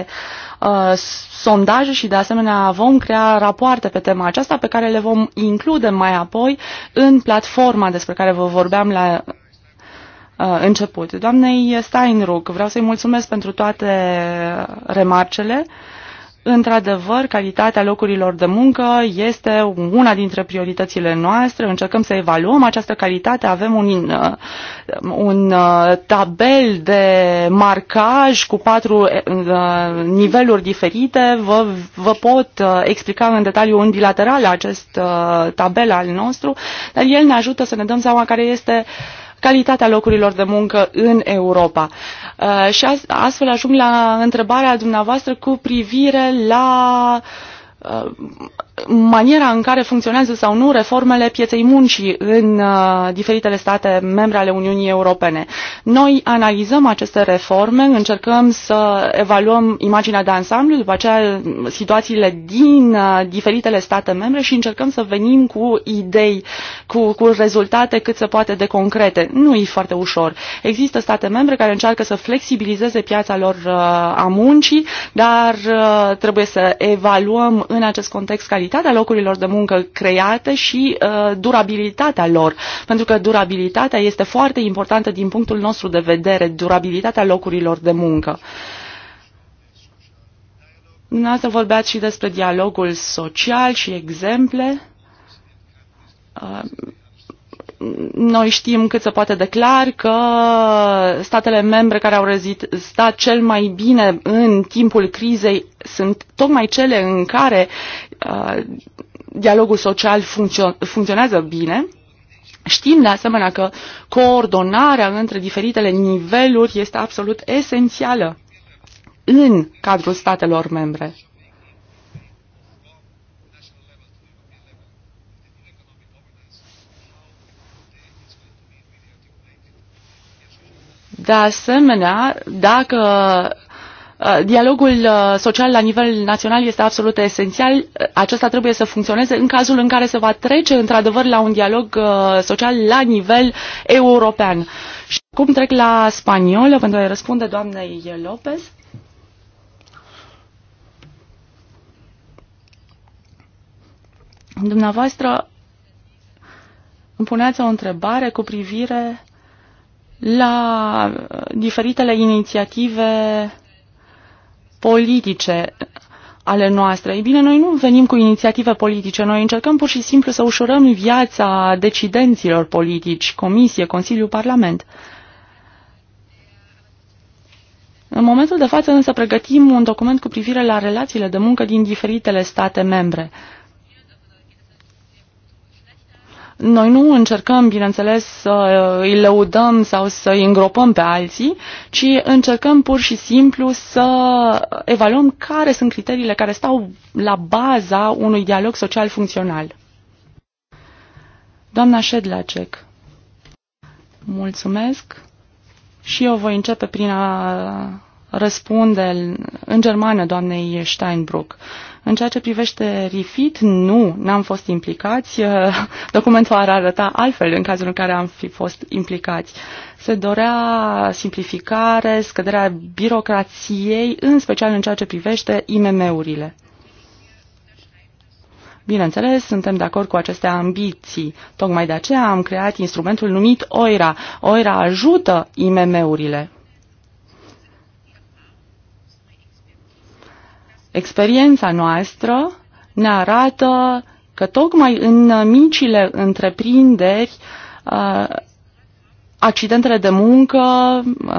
uh, Uh, sondaje și de asemenea vom crea rapoarte pe tema aceasta pe care le vom include mai apoi în platforma despre care vă vorbeam la uh, început. Doamnei Steinruck, vreau să-i mulțumesc pentru toate remarcele. Într-adevăr, calitatea locurilor de muncă este una dintre prioritățile noastre. Încercăm să evaluăm această calitate. Avem un, uh, un uh, tabel de marcaj cu patru uh, niveluri diferite. Vă, vă pot explica în detaliu în bilateral acest tabel al nostru, dar el ne ajută să ne dăm seama care este uh, calitatea locurilor de muncă în Europa. Uh, și astfel ajung la întrebarea dumneavoastră cu privire la uh, maniera în care funcționează sau nu reformele pieței muncii în uh, diferitele state membre ale Uniunii Europene. Noi analizăm aceste reforme, încercăm să evaluăm imaginea de ansamblu, după aceea uh, situațiile din uh, diferitele state membre și încercăm să venim cu idei, cu, cu rezultate cât se poate de concrete. Nu e foarte ușor. Există state membre care încearcă să flexibilizeze piața lor a muncii, dar trebuie să evaluăm în acest context calitatea calitatea locurilor de muncă create și uh, durabilitatea lor, pentru că durabilitatea este foarte importantă din punctul nostru de vedere, durabilitatea locurilor de muncă. Dumneavoastră vorbeați și despre dialogul social și exemple. Uh, noi știm cât se poate declar că statele membre care au rezistat cel mai bine în timpul crizei sunt tocmai cele în care Uh, dialogul social funcționează bine. Știm de asemenea că coordonarea între diferitele niveluri este absolut esențială în cadrul statelor membre. De asemenea, dacă Uh, dialogul uh, social la nivel național este absolut esențial. Uh, acesta trebuie să funcționeze în cazul în care se va trece într-adevăr la un dialog social la nivel european. Și acum trec la spaniolă pentru a răspunde doamnei Lopez. Dumneavoastră îmi puneați o întrebare cu privire la diferitele inițiative politice ale noastre. Ei bine, noi nu venim cu inițiative politice, noi încercăm pur și simplu să ușurăm viața decidenților politici, Comisie, Consiliu, Parlament. În momentul de față însă pregătim un document cu privire la relațiile de muncă din diferitele state membre. Uh, noi nu încercăm, bineînțeles, să îi lăudăm sau să îi îngropăm pe alții, ci încercăm pur și simplu să evaluăm care sunt criteriile care stau la baza unui dialog social funcțional. Doamna Ședlacek, mulțumesc și eu voi începe prin a răspunde în germană doamnei Steinbrück. În ceea ce privește RIFIT, nu, n-am fost implicați. Documentul ar arăta altfel în cazul în care am fi fost implicați. Se dorea simplificare, scăderea birocrației, în special în ceea ce privește IMM-urile. Bineînțeles, suntem de acord cu aceste ambiții. Tocmai de aceea am creat instrumentul numit OIRA. OIRA ajută IMM-urile. Experiența noastră ne arată că tocmai în micile întreprinderi uh, accidentele de muncă,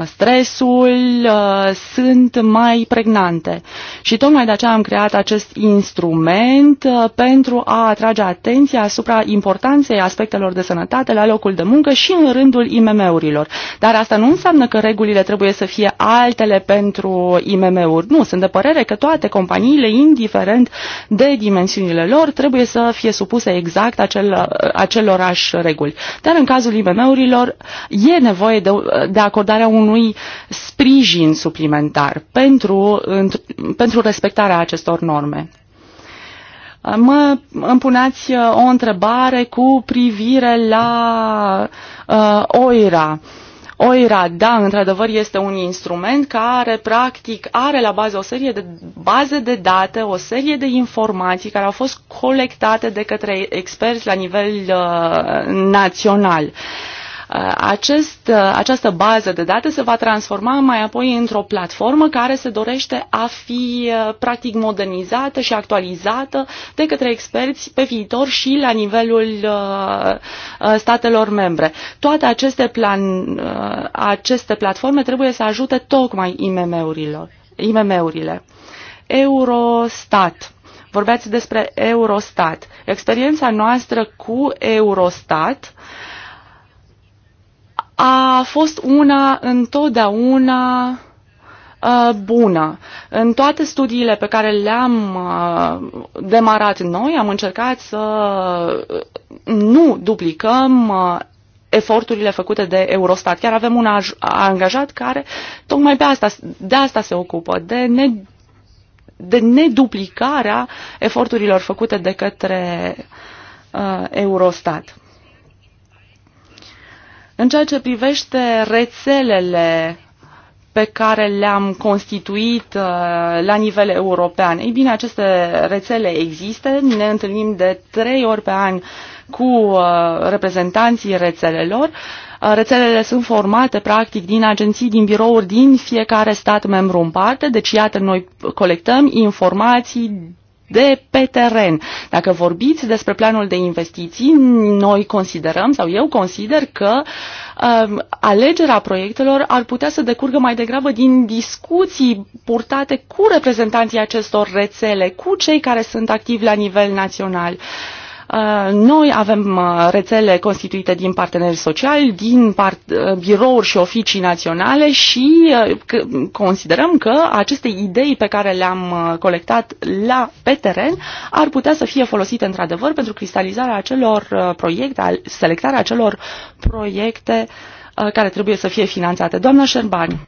stresul uh, sunt mai pregnante. Și tocmai de aceea am creat acest instrument uh, pentru a atrage atenția asupra importanței aspectelor de sănătate la locul de muncă și în rândul IMM-urilor. Dar asta nu înseamnă că regulile trebuie să fie altele pentru IMM-uri. Nu, sunt de părere că toate companiile, indiferent de dimensiunile lor, trebuie să fie supuse exact acel, uh, acelorași reguli. Dar în cazul IMM-urilor, e nevoie de, de acordarea unui sprijin suplimentar pentru, pentru respectarea acestor norme. Mă împuneați uh, o întrebare cu privire la uh, OIRA. OIRA, da, într-adevăr, este un instrument care, practic, are la bază o serie de baze de date, o serie de informații care au fost colectate de către experți la nivel uh, național. Uh, Uh, acest, uh, această bază de date se va transforma mai apoi într-o platformă care se dorește a fi uh, practic modernizată și actualizată de către experți pe viitor și la nivelul statelor membre. Toate aceste, plan, aceste platforme trebuie să ajute tocmai IMM-urilor, IMM-urile. Eurostat. Vorbeați despre Eurostat. Experiența noastră cu Eurostat a fost una întotdeauna uh, bună. În toate studiile pe care le-am uh, demarat noi, am încercat să uh, nu duplicăm eforturile făcute de Eurostat. Chiar avem un angajat care tocmai pe asta, de asta se ocupă, de ne de neduplicarea eforturilor făcute de către uh, Eurostat. În ceea ce privește rețelele pe care le-am constituit uh, la nivel european. Ei bine, aceste rețele există, ne întâlnim de trei ori pe an cu uh, reprezentanții rețelelor. Uh, rețelele sunt formate, practic, din agenții, din birouri din fiecare stat membru în parte, deci, iată, noi colectăm informații de pe teren. Dacă vorbiți despre planul de investiții, noi considerăm sau eu consider că uh, alegerea proiectelor ar putea să decurgă mai degrabă din discuții purtate cu reprezentanții acestor rețele, cu cei care sunt activi la nivel național. Uh, Uh, noi avem uh, rețele constituite din parteneri sociali, din part- uh, birouri și oficii naționale și considerăm că aceste idei pe care le-am colectat la, pe teren ar putea să fie folosite într-adevăr pentru cristalizarea acelor proiecte, selectarea acelor proiecte care trebuie să fie finanțate. Doamna Șerbani.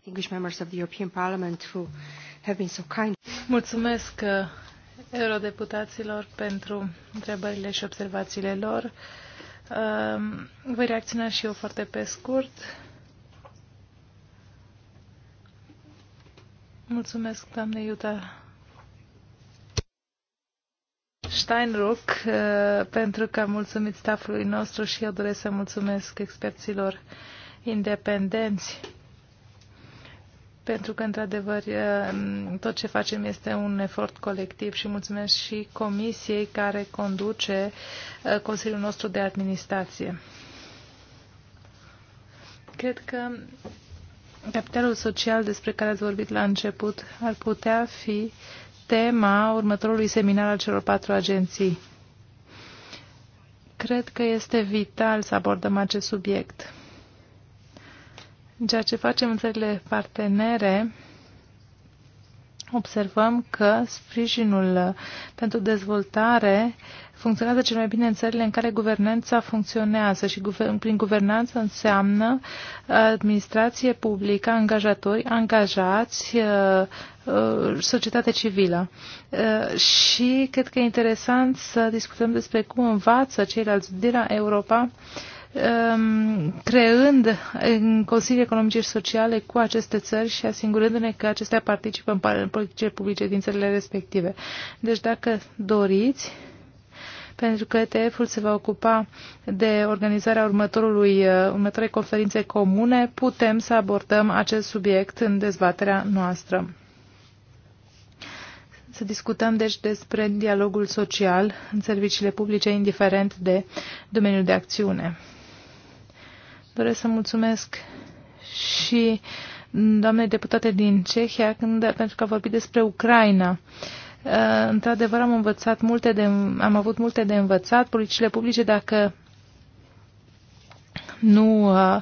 Mulțumesc eurodeputaților pentru întrebările și observațiile lor. Um, voi reacționa și eu foarte pe scurt. Mulțumesc, doamne Iuta Steinruck, uh, pentru că am mulțumit staffului nostru și eu doresc să mulțumesc experților independenți pentru că, într-adevăr, tot ce facem este un efort colectiv și mulțumesc și comisiei care conduce Consiliul nostru de Administrație. Cred că capitalul social despre care ați vorbit la început ar putea fi tema următorului seminar al celor patru agenții. Cred că este vital să abordăm acest subiect ceea ce facem în țările partenere, observăm că sprijinul pentru dezvoltare funcționează cel mai bine în țările în care guvernanța funcționează și guver prin guvernanță înseamnă administrație publică, angajatori, angajați, uh, uh, societate civilă. Uh, și cred că e interesant să discutăm despre cum învață ceilalți din Europa Um, creând în Consiliul Economice și Sociale cu aceste țări și asigurându-ne că acestea participă în politice publice din țările respective. Deci dacă doriți, pentru că ETF-ul se va ocupa de organizarea următorului, uh, următoarei conferințe comune, putem să abordăm acest subiect în dezbaterea noastră. Să discutăm deci despre dialogul social în serviciile publice, indiferent de domeniul de acțiune. Doresc să mulțumesc și doamnei deputate din Cehia când, pentru că a vorbit despre Ucraina. Uh, într-adevăr, am învățat multe de, am avut multe de învățat. Politicile publice, dacă nu uh,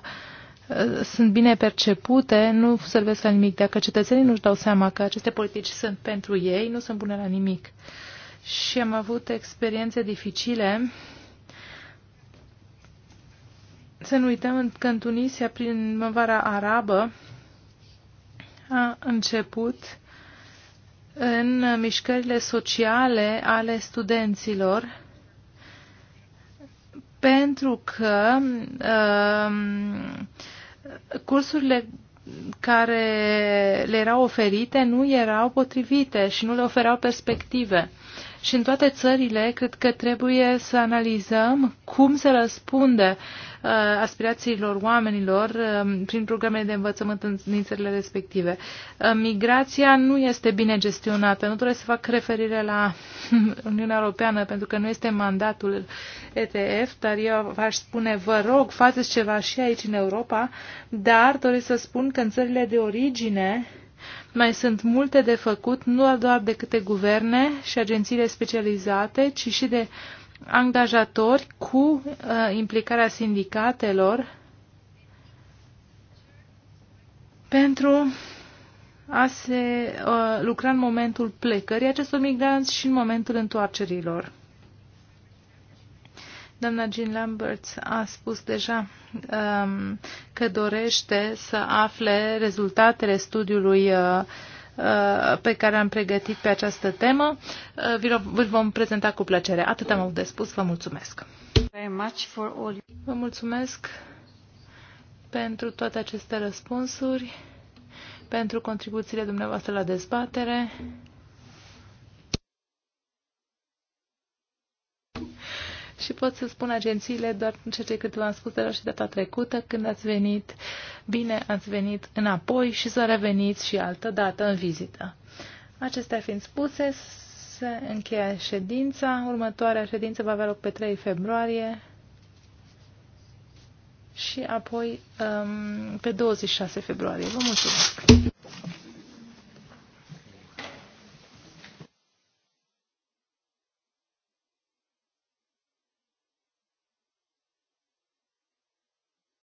sunt bine percepute, nu servesc la nimic. Dacă cetățenii nu-și dau seama că aceste politici sunt pentru ei, nu sunt bune la nimic. Și am avut experiențe dificile să nu uităm că în Tunisia, prin măvara arabă, a început în mișcările sociale ale studenților, pentru că uh, cursurile care le erau oferite nu erau potrivite și nu le oferau perspective și în toate țările cred că trebuie să analizăm cum se răspunde uh, aspirațiilor oamenilor uh, prin programele de învățământ în, din țările respective. Uh, migrația nu este bine gestionată. Nu trebuie să fac referire la Uniunea Europeană pentru că nu este mandatul ETF, dar eu v-aș spune, vă rog, faceți ceva și aici în Europa, dar doresc să spun că în țările de origine mai sunt multe de făcut, nu doar de câte guverne și agențiile specializate, ci și de angajatori cu uh, implicarea sindicatelor pentru a se uh, lucra în momentul plecării acestor migranți și în momentul întoarcerilor. Doamna Jean Lambert a spus deja um, că dorește să afle rezultatele studiului uh, uh pe care am pregătit pe această temă. Uh, Vă vom prezenta cu plăcere. Atât am avut de spus. Vă mulțumesc. Vă mulțumesc pentru toate aceste răspunsuri, pentru contribuțiile dumneavoastră la dezbatere. și pot să spun agențiile doar ceea ce cât v-am spus la și data trecută, când ați venit, bine ați venit înapoi și să reveniți și altă dată în vizită. Acestea fiind spuse, se încheie ședința. Următoarea ședință va avea loc pe 3 februarie și apoi um, pe 26 februarie. Vă mulțumesc!